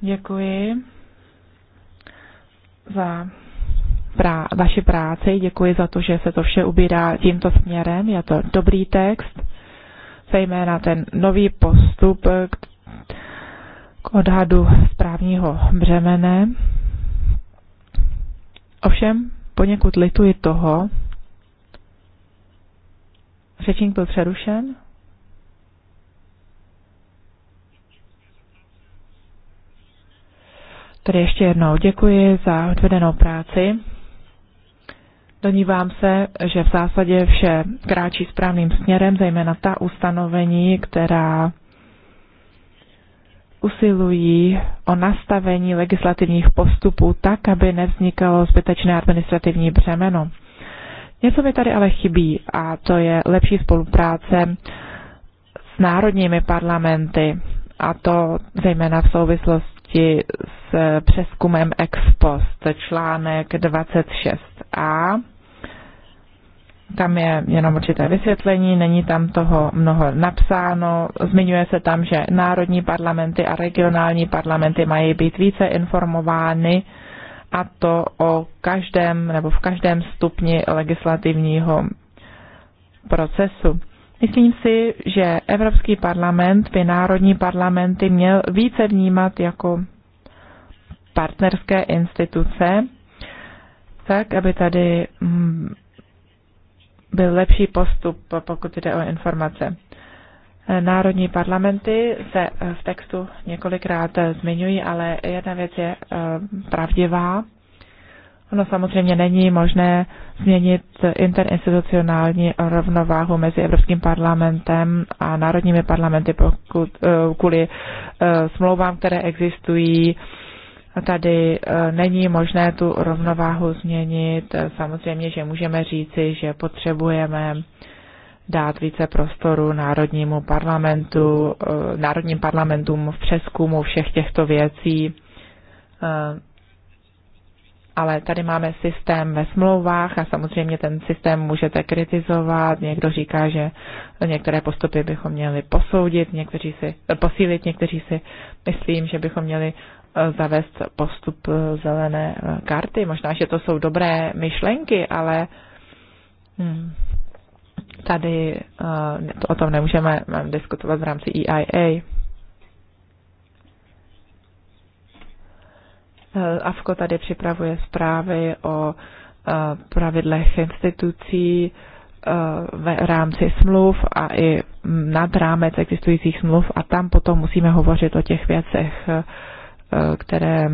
Děkuji za prá- vaši práci, děkuji za to, že se to vše ubírá tímto směrem. Je to dobrý text, zejména ten nový postup k, k odhadu správního břemene. Ovšem, poněkud lituji toho, řečník byl přerušen. Tedy ještě jednou děkuji za odvedenou práci. Donívám se, že v zásadě vše kráčí správným směrem, zejména ta ustanovení, která usilují o nastavení legislativních postupů tak, aby nevznikalo zbytečné administrativní břemeno. Něco mi tady ale chybí a to je lepší spolupráce s národními parlamenty a to zejména v souvislosti souvislosti s přeskumem ex post, článek 26a. Tam je jenom určité vysvětlení, není tam toho mnoho napsáno. Zmiňuje se tam, že národní parlamenty a regionální parlamenty mají být více informovány a to o každém nebo v každém stupni legislativního procesu. Myslím si, že Evropský parlament by národní parlamenty měl více vnímat jako partnerské instituce, tak, aby tady mm, byl lepší postup, pokud jde o informace. Národní parlamenty se eh, v textu několikrát eh, zmiňují, ale jedna věc je eh, pravdivá Ono samozřejmě není možné změnit interinstitucionální rovnováhu mezi Evropským parlamentem a národními parlamenty pokud, eh, kvůli eh, smlouvám, které existují. Tady eh, není možné tu rovnováhu změnit. Samozřejmě, že můžeme říci, že potřebujeme dát více prostoru národnímu parlamentu, národním parlamentům v přeskumu všech těchto věcí ale tady máme systém ve smlouvách a samozřejmě ten systém můžete kritizovat. Někdo říká, že některé postupy bychom měli posoudit, někteří si, posílit, někteří si myslím, že bychom měli eh, zavést postup eh, zelené eh, karty. Možná, že to jsou dobré myšlenky, ale hmm, tady o tom nemůžeme diskutovat v rámci EIA. Eh, AFKO tady připravuje zprávy o eh, pravidlech institucí eh, v rámci smluv a i mm, nad rámec existujících smluv a tam potom musíme hovořit o těch věcech, které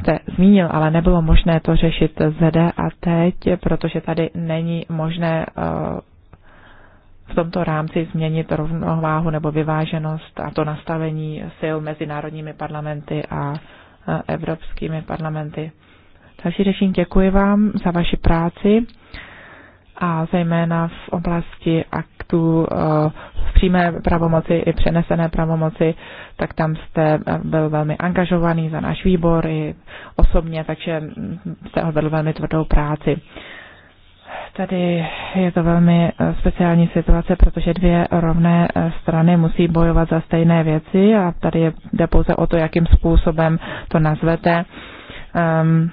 jste zmínil, ale nebylo možné to řešit zde a teď, protože tady není možné v tomto rámci změnit rovnováhu nebo vyváženost a to nastavení sil mezi národními parlamenty a evropskými parlamenty. Další řešení děkuji vám za vaši práci a zejména v oblasti aktů eh, v přímé pravomoci i přenesené pravomoci, tak tam jste eh, byl velmi angažovaný za náš výbor i osobně, takže jste odvedl velmi tvrdou práci. Tady je to velmi eh, speciální situace, protože dvě rovné eh, strany musí bojovat za stejné věci a tady jde pouze o to, jakým způsobem to nazvete. Um,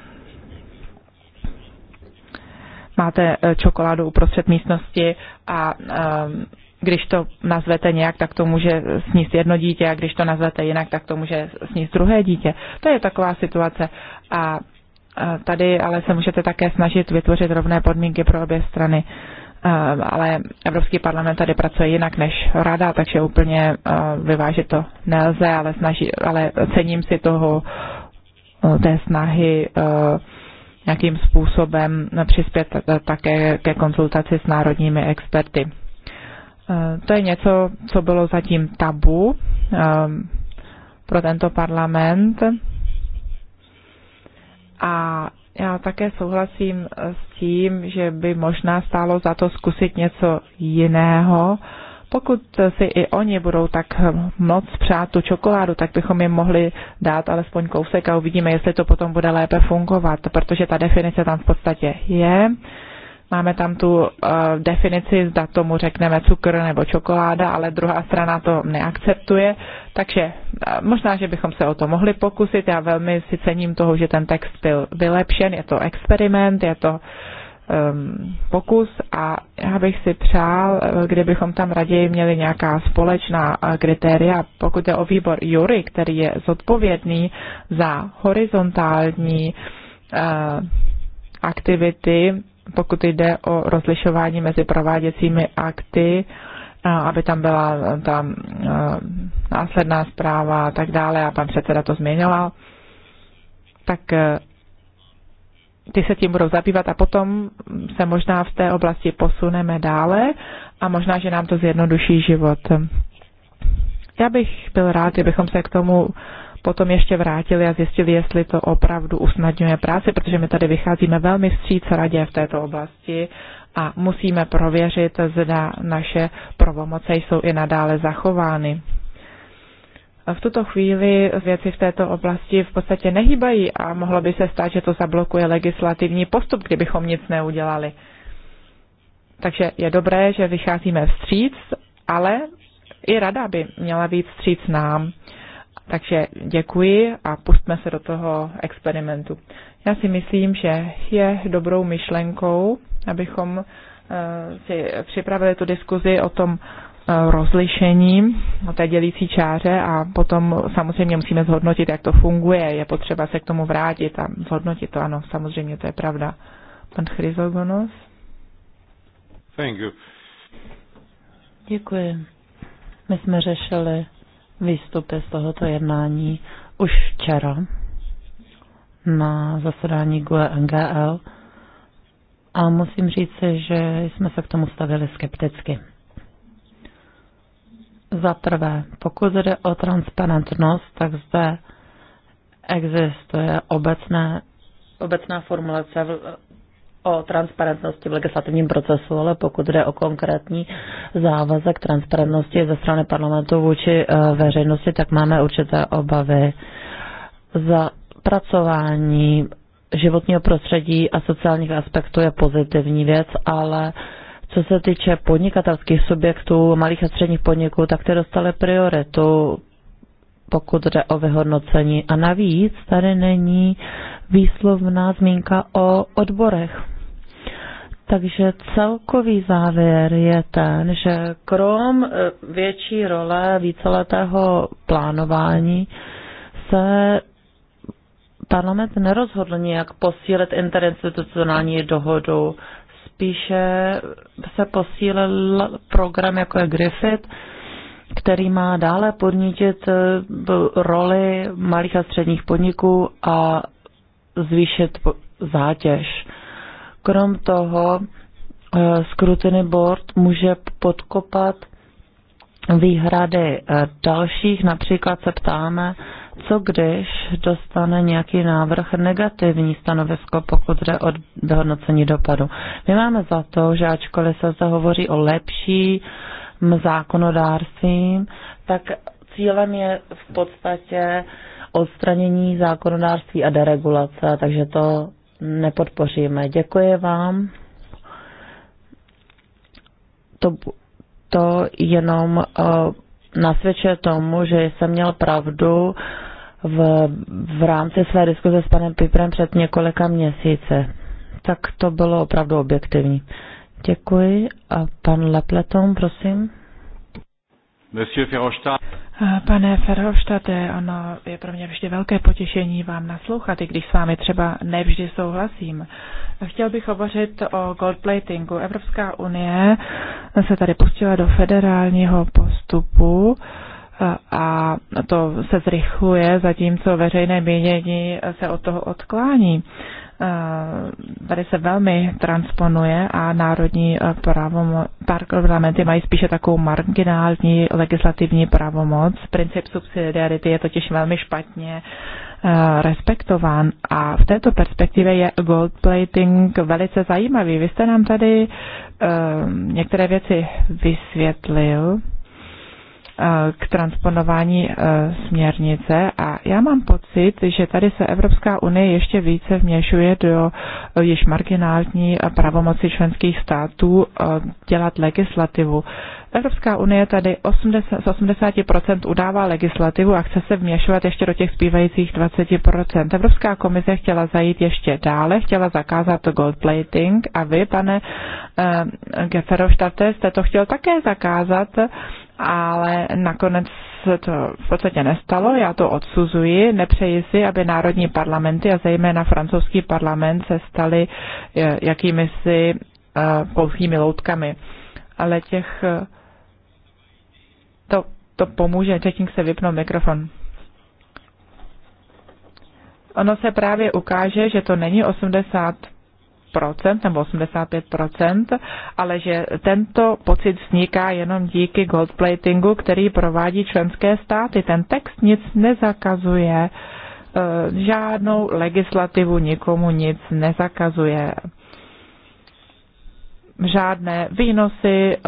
máte eh, čokoládu uprostřed místnosti a um, když to nazvete nějak, tak to může sníst jedno dítě a když to nazvete jinak, tak to může sníst druhé dítě. To je taková situace a Tady ale se můžete také snažit vytvořit rovné podmínky pro obě strany. Ale Evropský parlament tady pracuje jinak než Rada, takže úplně vyvážit to nelze, ale, snaží, ale cením si toho té snahy nějakým způsobem přispět také ke konzultaci s národními experty. To je něco, co bylo zatím tabu pro tento parlament a já také souhlasím s tím, že by možná stálo za to zkusit něco jiného. Pokud si i oni budou tak moc přát tu čokoládu, tak bychom jim mohli dát alespoň kousek a uvidíme, jestli to potom bude lépe fungovat, protože ta definice tam v podstatě je. Máme tam tu uh, definici, zda tomu řekneme cukr nebo čokoláda, ale druhá strana to neakceptuje. Takže uh, možná, že bychom se o to mohli pokusit. Já velmi si cením toho, že ten text byl vylepšen. Je to experiment, je to um, pokus a já bych si přál, eh, kdybychom tam raději měli nějaká společná kritéria, pokud je o výbor Jury, který je zodpovědný za horizontální uh, aktivity pokud jde o rozlišování mezi prováděcími akty, aby tam byla ta následná zpráva a tak dále, a pan předseda to změnila, tak e, ty se tím budou zabývat a potom se možná v té oblasti posuneme dále a možná, že nám to zjednoduší život. Já bych byl rád, kdybychom se k tomu potom ještě vrátili a zjistili, jestli to opravdu usnadňuje práci, protože my tady vycházíme velmi vstříc radě v této oblasti a musíme prověřit, zda naše pravomoce jsou i nadále zachovány. V tuto chvíli věci v této oblasti v podstatě nehýbají a mohlo by se stát, že to zablokuje legislativní postup, kdybychom nic neudělali. Takže je dobré, že vycházíme vstříc, ale i rada by měla být vstříc nám. Takže děkuji a pustme se do toho experimentu. Já si myslím, že je dobrou myšlenkou, abychom eh, si připravili tu diskuzi o tom eh, rozlišení, o té dělící čáře a potom samozřejmě musíme zhodnotit, jak to funguje. Je potřeba se k tomu vrátit a zhodnotit to. Ano, samozřejmě to je pravda. Pan Chryzogonos? Thank you. Děkuji. My jsme řešili výstupy z tohoto jednání už včera na zasedání GUE NGL a musím říci, že jsme se k tomu stavili skepticky. Za prvé, pokud jde o transparentnost, tak zde existuje obecné, obecná formulace v o transparentnosti v legislativním procesu, ale pokud jde o konkrétní závazek transparentnosti ze strany parlamentu vůči eh, veřejnosti, tak máme určité obavy za pracování životního prostředí a sociálních aspektů je pozitivní věc, ale co se týče podnikatelských subjektů, malých a středních podniků, tak ty dostaly prioritu, pokud jde o vyhodnocení. A navíc tady není výslovná zmínka o odborech. Takže celkový závěr je ten, že krom eh, větší role víceletého plánování se parlament nerozhodl nijak posílit interinstitucionální dohodu. Spíše se posílil program jako je Griffith, který má dále podnítit eh, roli malých a středních podniků a zvýšit zátěž. Krom toho eh, skrutiny board může podkopat výhrady eh, dalších. Například se ptáme, co když dostane nějaký návrh negativní stanovisko, pokud jde o vyhodnocení dopadu. My máme za to, že ačkoliv se zde hovoří o lepší zákonodárství, tak cílem je v podstatě odstranění zákonodárství a deregulace, takže to nepodpoříme. Děkuji vám. To, to jenom uh, nasvědčuje tomu, že jsem měl pravdu v, v rámci své diskuze s panem Piprem před několika měsíce. Tak to bylo opravdu objektivní. Děkuji. A pan Lepleton, prosím. Pane Ferhofštate, ono je pro mě vždy velké potěšení vám naslouchat, i když s vámi třeba nevždy souhlasím. Chtěl bych hovořit o goldplatingu. Evropská unie se tady pustila do federálního postupu eh, a to se zrychluje, zatímco veřejné mínění se od toho odklání. Eh, tady se velmi transponuje a národní eh, parlamenty mají spíše takovou marginální legislativní pravomoc. Princip subsidiarity je totiž velmi špatně eh, respektován a v této perspektivě je goldplating velice zajímavý. Vy jste nám tady některé věci vysvětlil k transponování eh, směrnice a já mám pocit, že tady se Evropská unie ještě více vměšuje do eh, již marginální pravomoci členských států eh, dělat legislativu. Evropská unie tady 80, z 80% udává legislativu a chce se vměšovat ještě do těch zbývajících 20%. Evropská komise chtěla zajít ještě dále, chtěla zakázat gold plating a vy, pane eh, Geferovštate, jste to chtěl také zakázat ale nakonec se to v podstatě nestalo, já to odsuzuji, nepřeji si, aby národní parlamenty a zejména francouzský parlament se staly eh, jakými si eh, pouhými loutkami. Ale těch eh, to, to pomůže, Čeking se vypnul mikrofon. Ono se právě ukáže, že to není 80 nebo 85%, ale že tento pocit vzniká jenom díky goldplatingu, který provádí členské státy. Ten text nic nezakazuje, eh, žádnou legislativu nikomu nic nezakazuje žádné výnosy eh,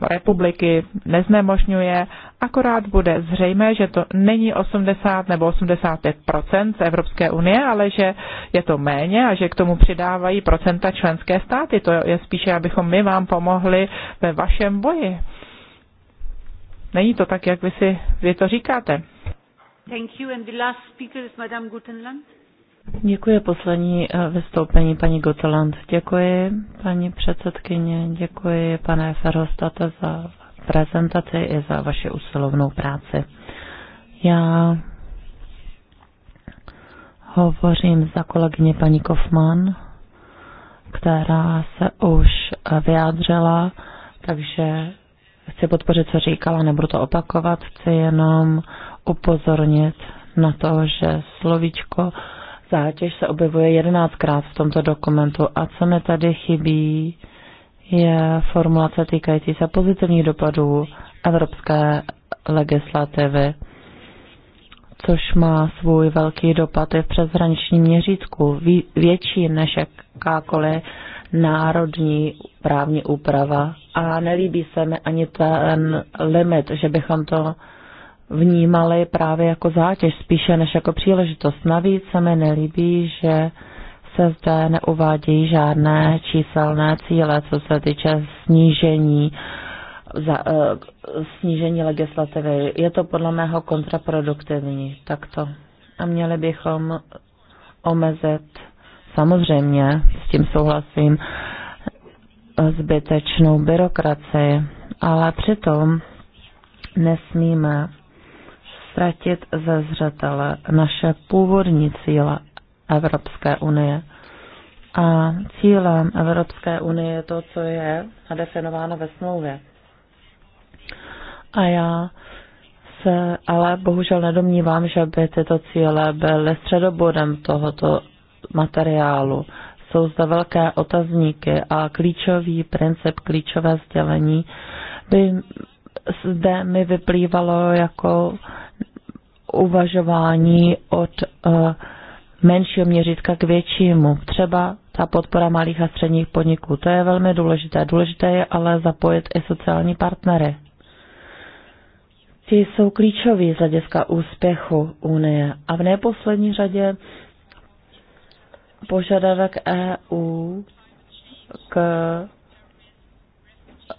republiky neznemožňuje, akorát bude zřejmé, že to není 80 nebo 85 z Evropské unie, ale že je to méně a že k tomu přidávají procenta členské státy. To je spíše, abychom my vám pomohli ve vašem boji. Není to tak, jak vy si vy to říkáte. Thank you. And the last speaker is Madame Gutenland. Děkuji poslední eh, vystoupení paní Goteland. Děkuji paní předsedkyně, děkuji pane Ferhostate za prezentaci i za vaši usilovnou práci. Já hovořím za kolegyně paní Kofman, která se už eh, vyjádřila, takže chci podpořit, co říkala, nebudu to opakovat, chci jenom upozornit na to, že slovíčko zátěž se objevuje jedenáctkrát v tomto dokumentu. A co mi tady chybí, je formulace týkající se pozitivních dopadů evropské legislativy, což má svůj velký dopad i v přeshraničním měřítku, větší než jakákoliv národní právní úprava. A nelíbí se mi ani ten limit, že bychom to vnímali právě jako zátěž spíše než jako příležitost. Navíc se mi nelíbí, že se zde neuvádějí žádné číselné cíle, co se týče snížení za, uh, snížení legislativy. Je to podle mého kontraproduktivní takto. A měli bychom omezit samozřejmě, s tím souhlasím, zbytečnou byrokracii, ale přitom nesmíme ztratit ze zřetele naše původní cíle Evropské unie. A cílem Evropské unie je to, co je definováno ve smlouvě. A já se ale bohužel nedomnívám, že by tyto cíle byly středobodem tohoto materiálu. Jsou zde velké otazníky a klíčový princip, klíčové sdělení by zde mi vyplývalo jako uvažování od eh, menšího měřítka k většímu. Třeba ta podpora malých a středních podniků. To je velmi důležité. Důležité je ale zapojit i sociální partnery. Ti jsou klíčoví z hlediska úspěchu Unie. A v neposlední řadě požadavek EU k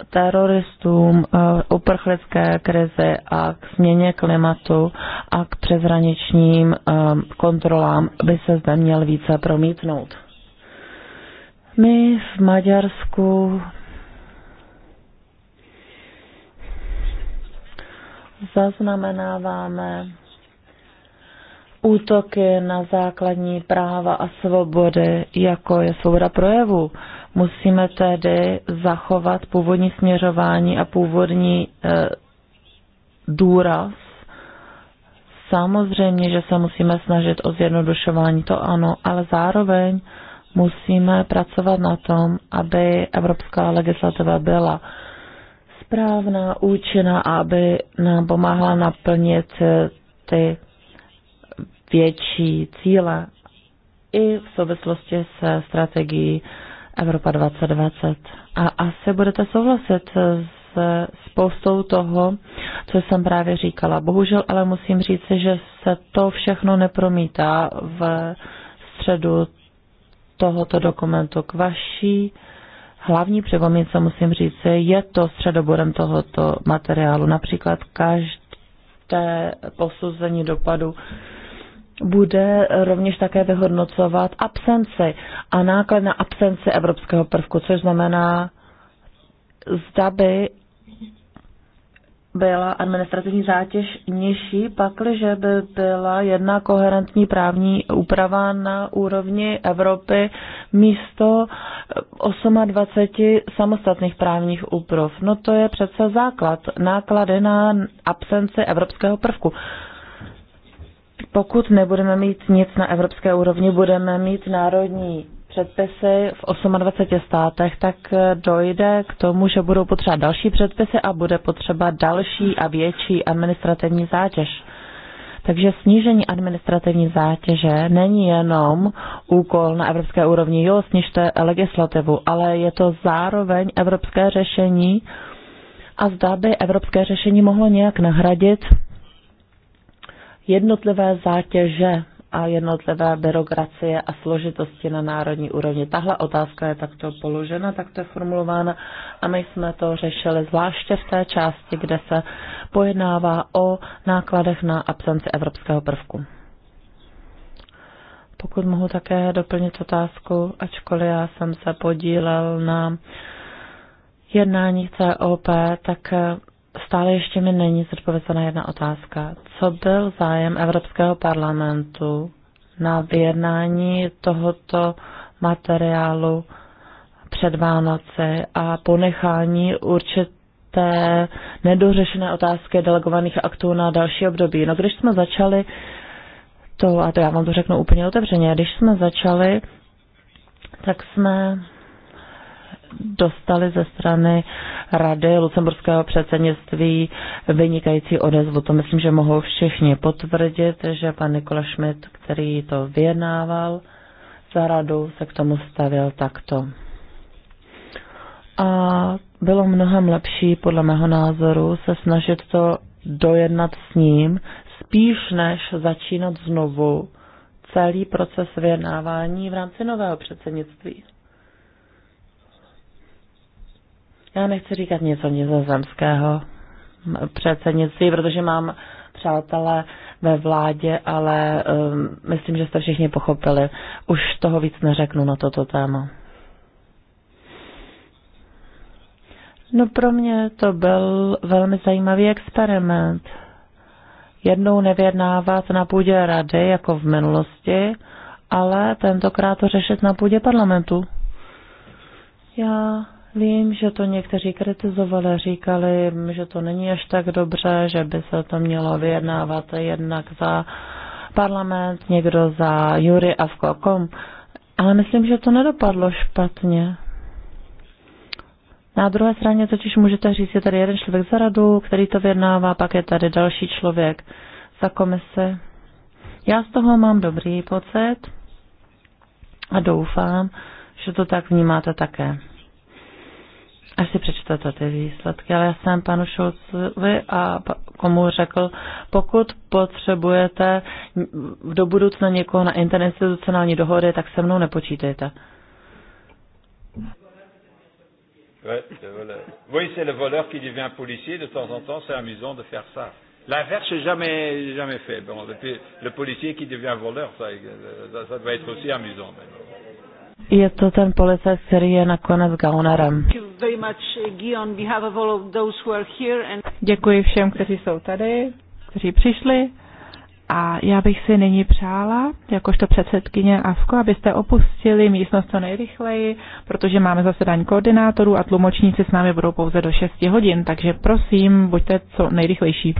teroristům, eh, uprchlické krizi a k změně klimatu a k přezraničním eh, kontrolám by se zde měl více promítnout. My v Maďarsku zaznamenáváme útoky na základní práva a svobody, jako je svoboda projevu Musíme tedy zachovat původní směřování a původní e, důraz. Samozřejmě, že se musíme snažit o zjednodušování, to ano, ale zároveň musíme pracovat na tom, aby evropská legislativa byla správná, účinná aby nám pomáhala naplnit eh, ty větší cíle i v souvislosti se strategií Evropa 2020. A asi budete souhlasit s spoustou toho, co jsem právě říkala. Bohužel ale musím říct, že se to všechno nepromítá v středu tohoto dokumentu k vaší hlavní připomínce, musím říct, je to středobodem tohoto materiálu. Například každé posouzení dopadu bude rovněž také vyhodnocovat absenci a náklad na absenci evropského prvku, což znamená, zda by byla administrativní zátěž nižší, pakliže by byla jedna koherentní právní úprava na úrovni Evropy místo 28 samostatných právních úprav. No to je přece základ, náklady na absenci evropského prvku. Pokud nebudeme mít nic na evropské úrovni, budeme mít národní předpisy v 28 státech, tak eh, dojde k tomu, že budou potřeba další předpisy a bude potřeba další a větší administrativní zátěž. Takže snížení administrativní zátěže není jenom úkol na evropské úrovni, jo, snižte legislativu, ale je to zároveň evropské řešení a zda by evropské řešení mohlo nějak nahradit jednotlivé zátěže a jednotlivé byrokracie a složitosti na národní úrovni. Tahle otázka je takto položena, takto je formulována a my jsme to řešili zvláště v té části, kde se pojednává o nákladech na absenci evropského prvku. Pokud mohu také doplnit otázku, ačkoliv já jsem se podílel na jednání COP, tak stále ještě mi není zodpovězena jedna otázka. Co byl zájem Evropského parlamentu na vyjednání tohoto materiálu před Vánoce a ponechání určité nedořešené otázky delegovaných aktů na další období. No když jsme začali to, a to já vám to řeknu úplně otevřeně, když jsme začali, tak jsme dostali ze strany Rady Lucemburského předsednictví vynikající odezvu. To myslím, že mohou všichni potvrdit, že pan Nikola Schmidt, který to vyjednával za radu, se k tomu stavil takto. A bylo mnohem lepší, podle mého názoru, se snažit to dojednat s ním, spíš než začínat znovu celý proces vyjednávání v rámci nového předsednictví. Já nechci říkat něco nizozemského předsednictví, protože mám přátelé ve vládě, ale um, myslím, že jste všichni pochopili. Už toho víc neřeknu na toto téma. No pro mě to byl velmi zajímavý experiment. Jednou nevědnávat na půdě rady, jako v minulosti, ale tentokrát to řešit na půdě parlamentu. Já Vím, že to někteří kritizovali, říkali, že to není až tak dobře, že by se to mělo vyjednávat jednak za parlament, někdo za Jury a v Kokom. Ale myslím, že to nedopadlo špatně. Na druhé straně totiž můžete říct, je tady jeden člověk za radu, který to vyjednává, pak je tady další člověk za komise. Já z toho mám dobrý pocit a doufám, že to tak vnímáte také. Asi přečtete ty výsledky, ale já jsem panu Šulcovi a komu řekl, pokud potřebujete do budoucna někoho na interinstitucionální dohody, tak se mnou nepočítejte. Ouais, oui, c'est le voleur qui devient policier. De temps en temps, c'est amusant de faire ça. L'inverse, j'ai jamais, jamais fait. Bon, depuis, le policier qui devient voleur, ça, ça, ça doit être aussi amusant. Je to ten policajt, který je nakonec gaunerem. Děkuji všem, kteří jsou tady, kteří přišli. A já bych si nyní přála, jakožto předsedkyně AFKO, abyste opustili místnost co nejrychleji, protože máme zasedání koordinátorů a tlumočníci s námi budou pouze do 6 hodin, takže prosím, buďte co nejrychlejší.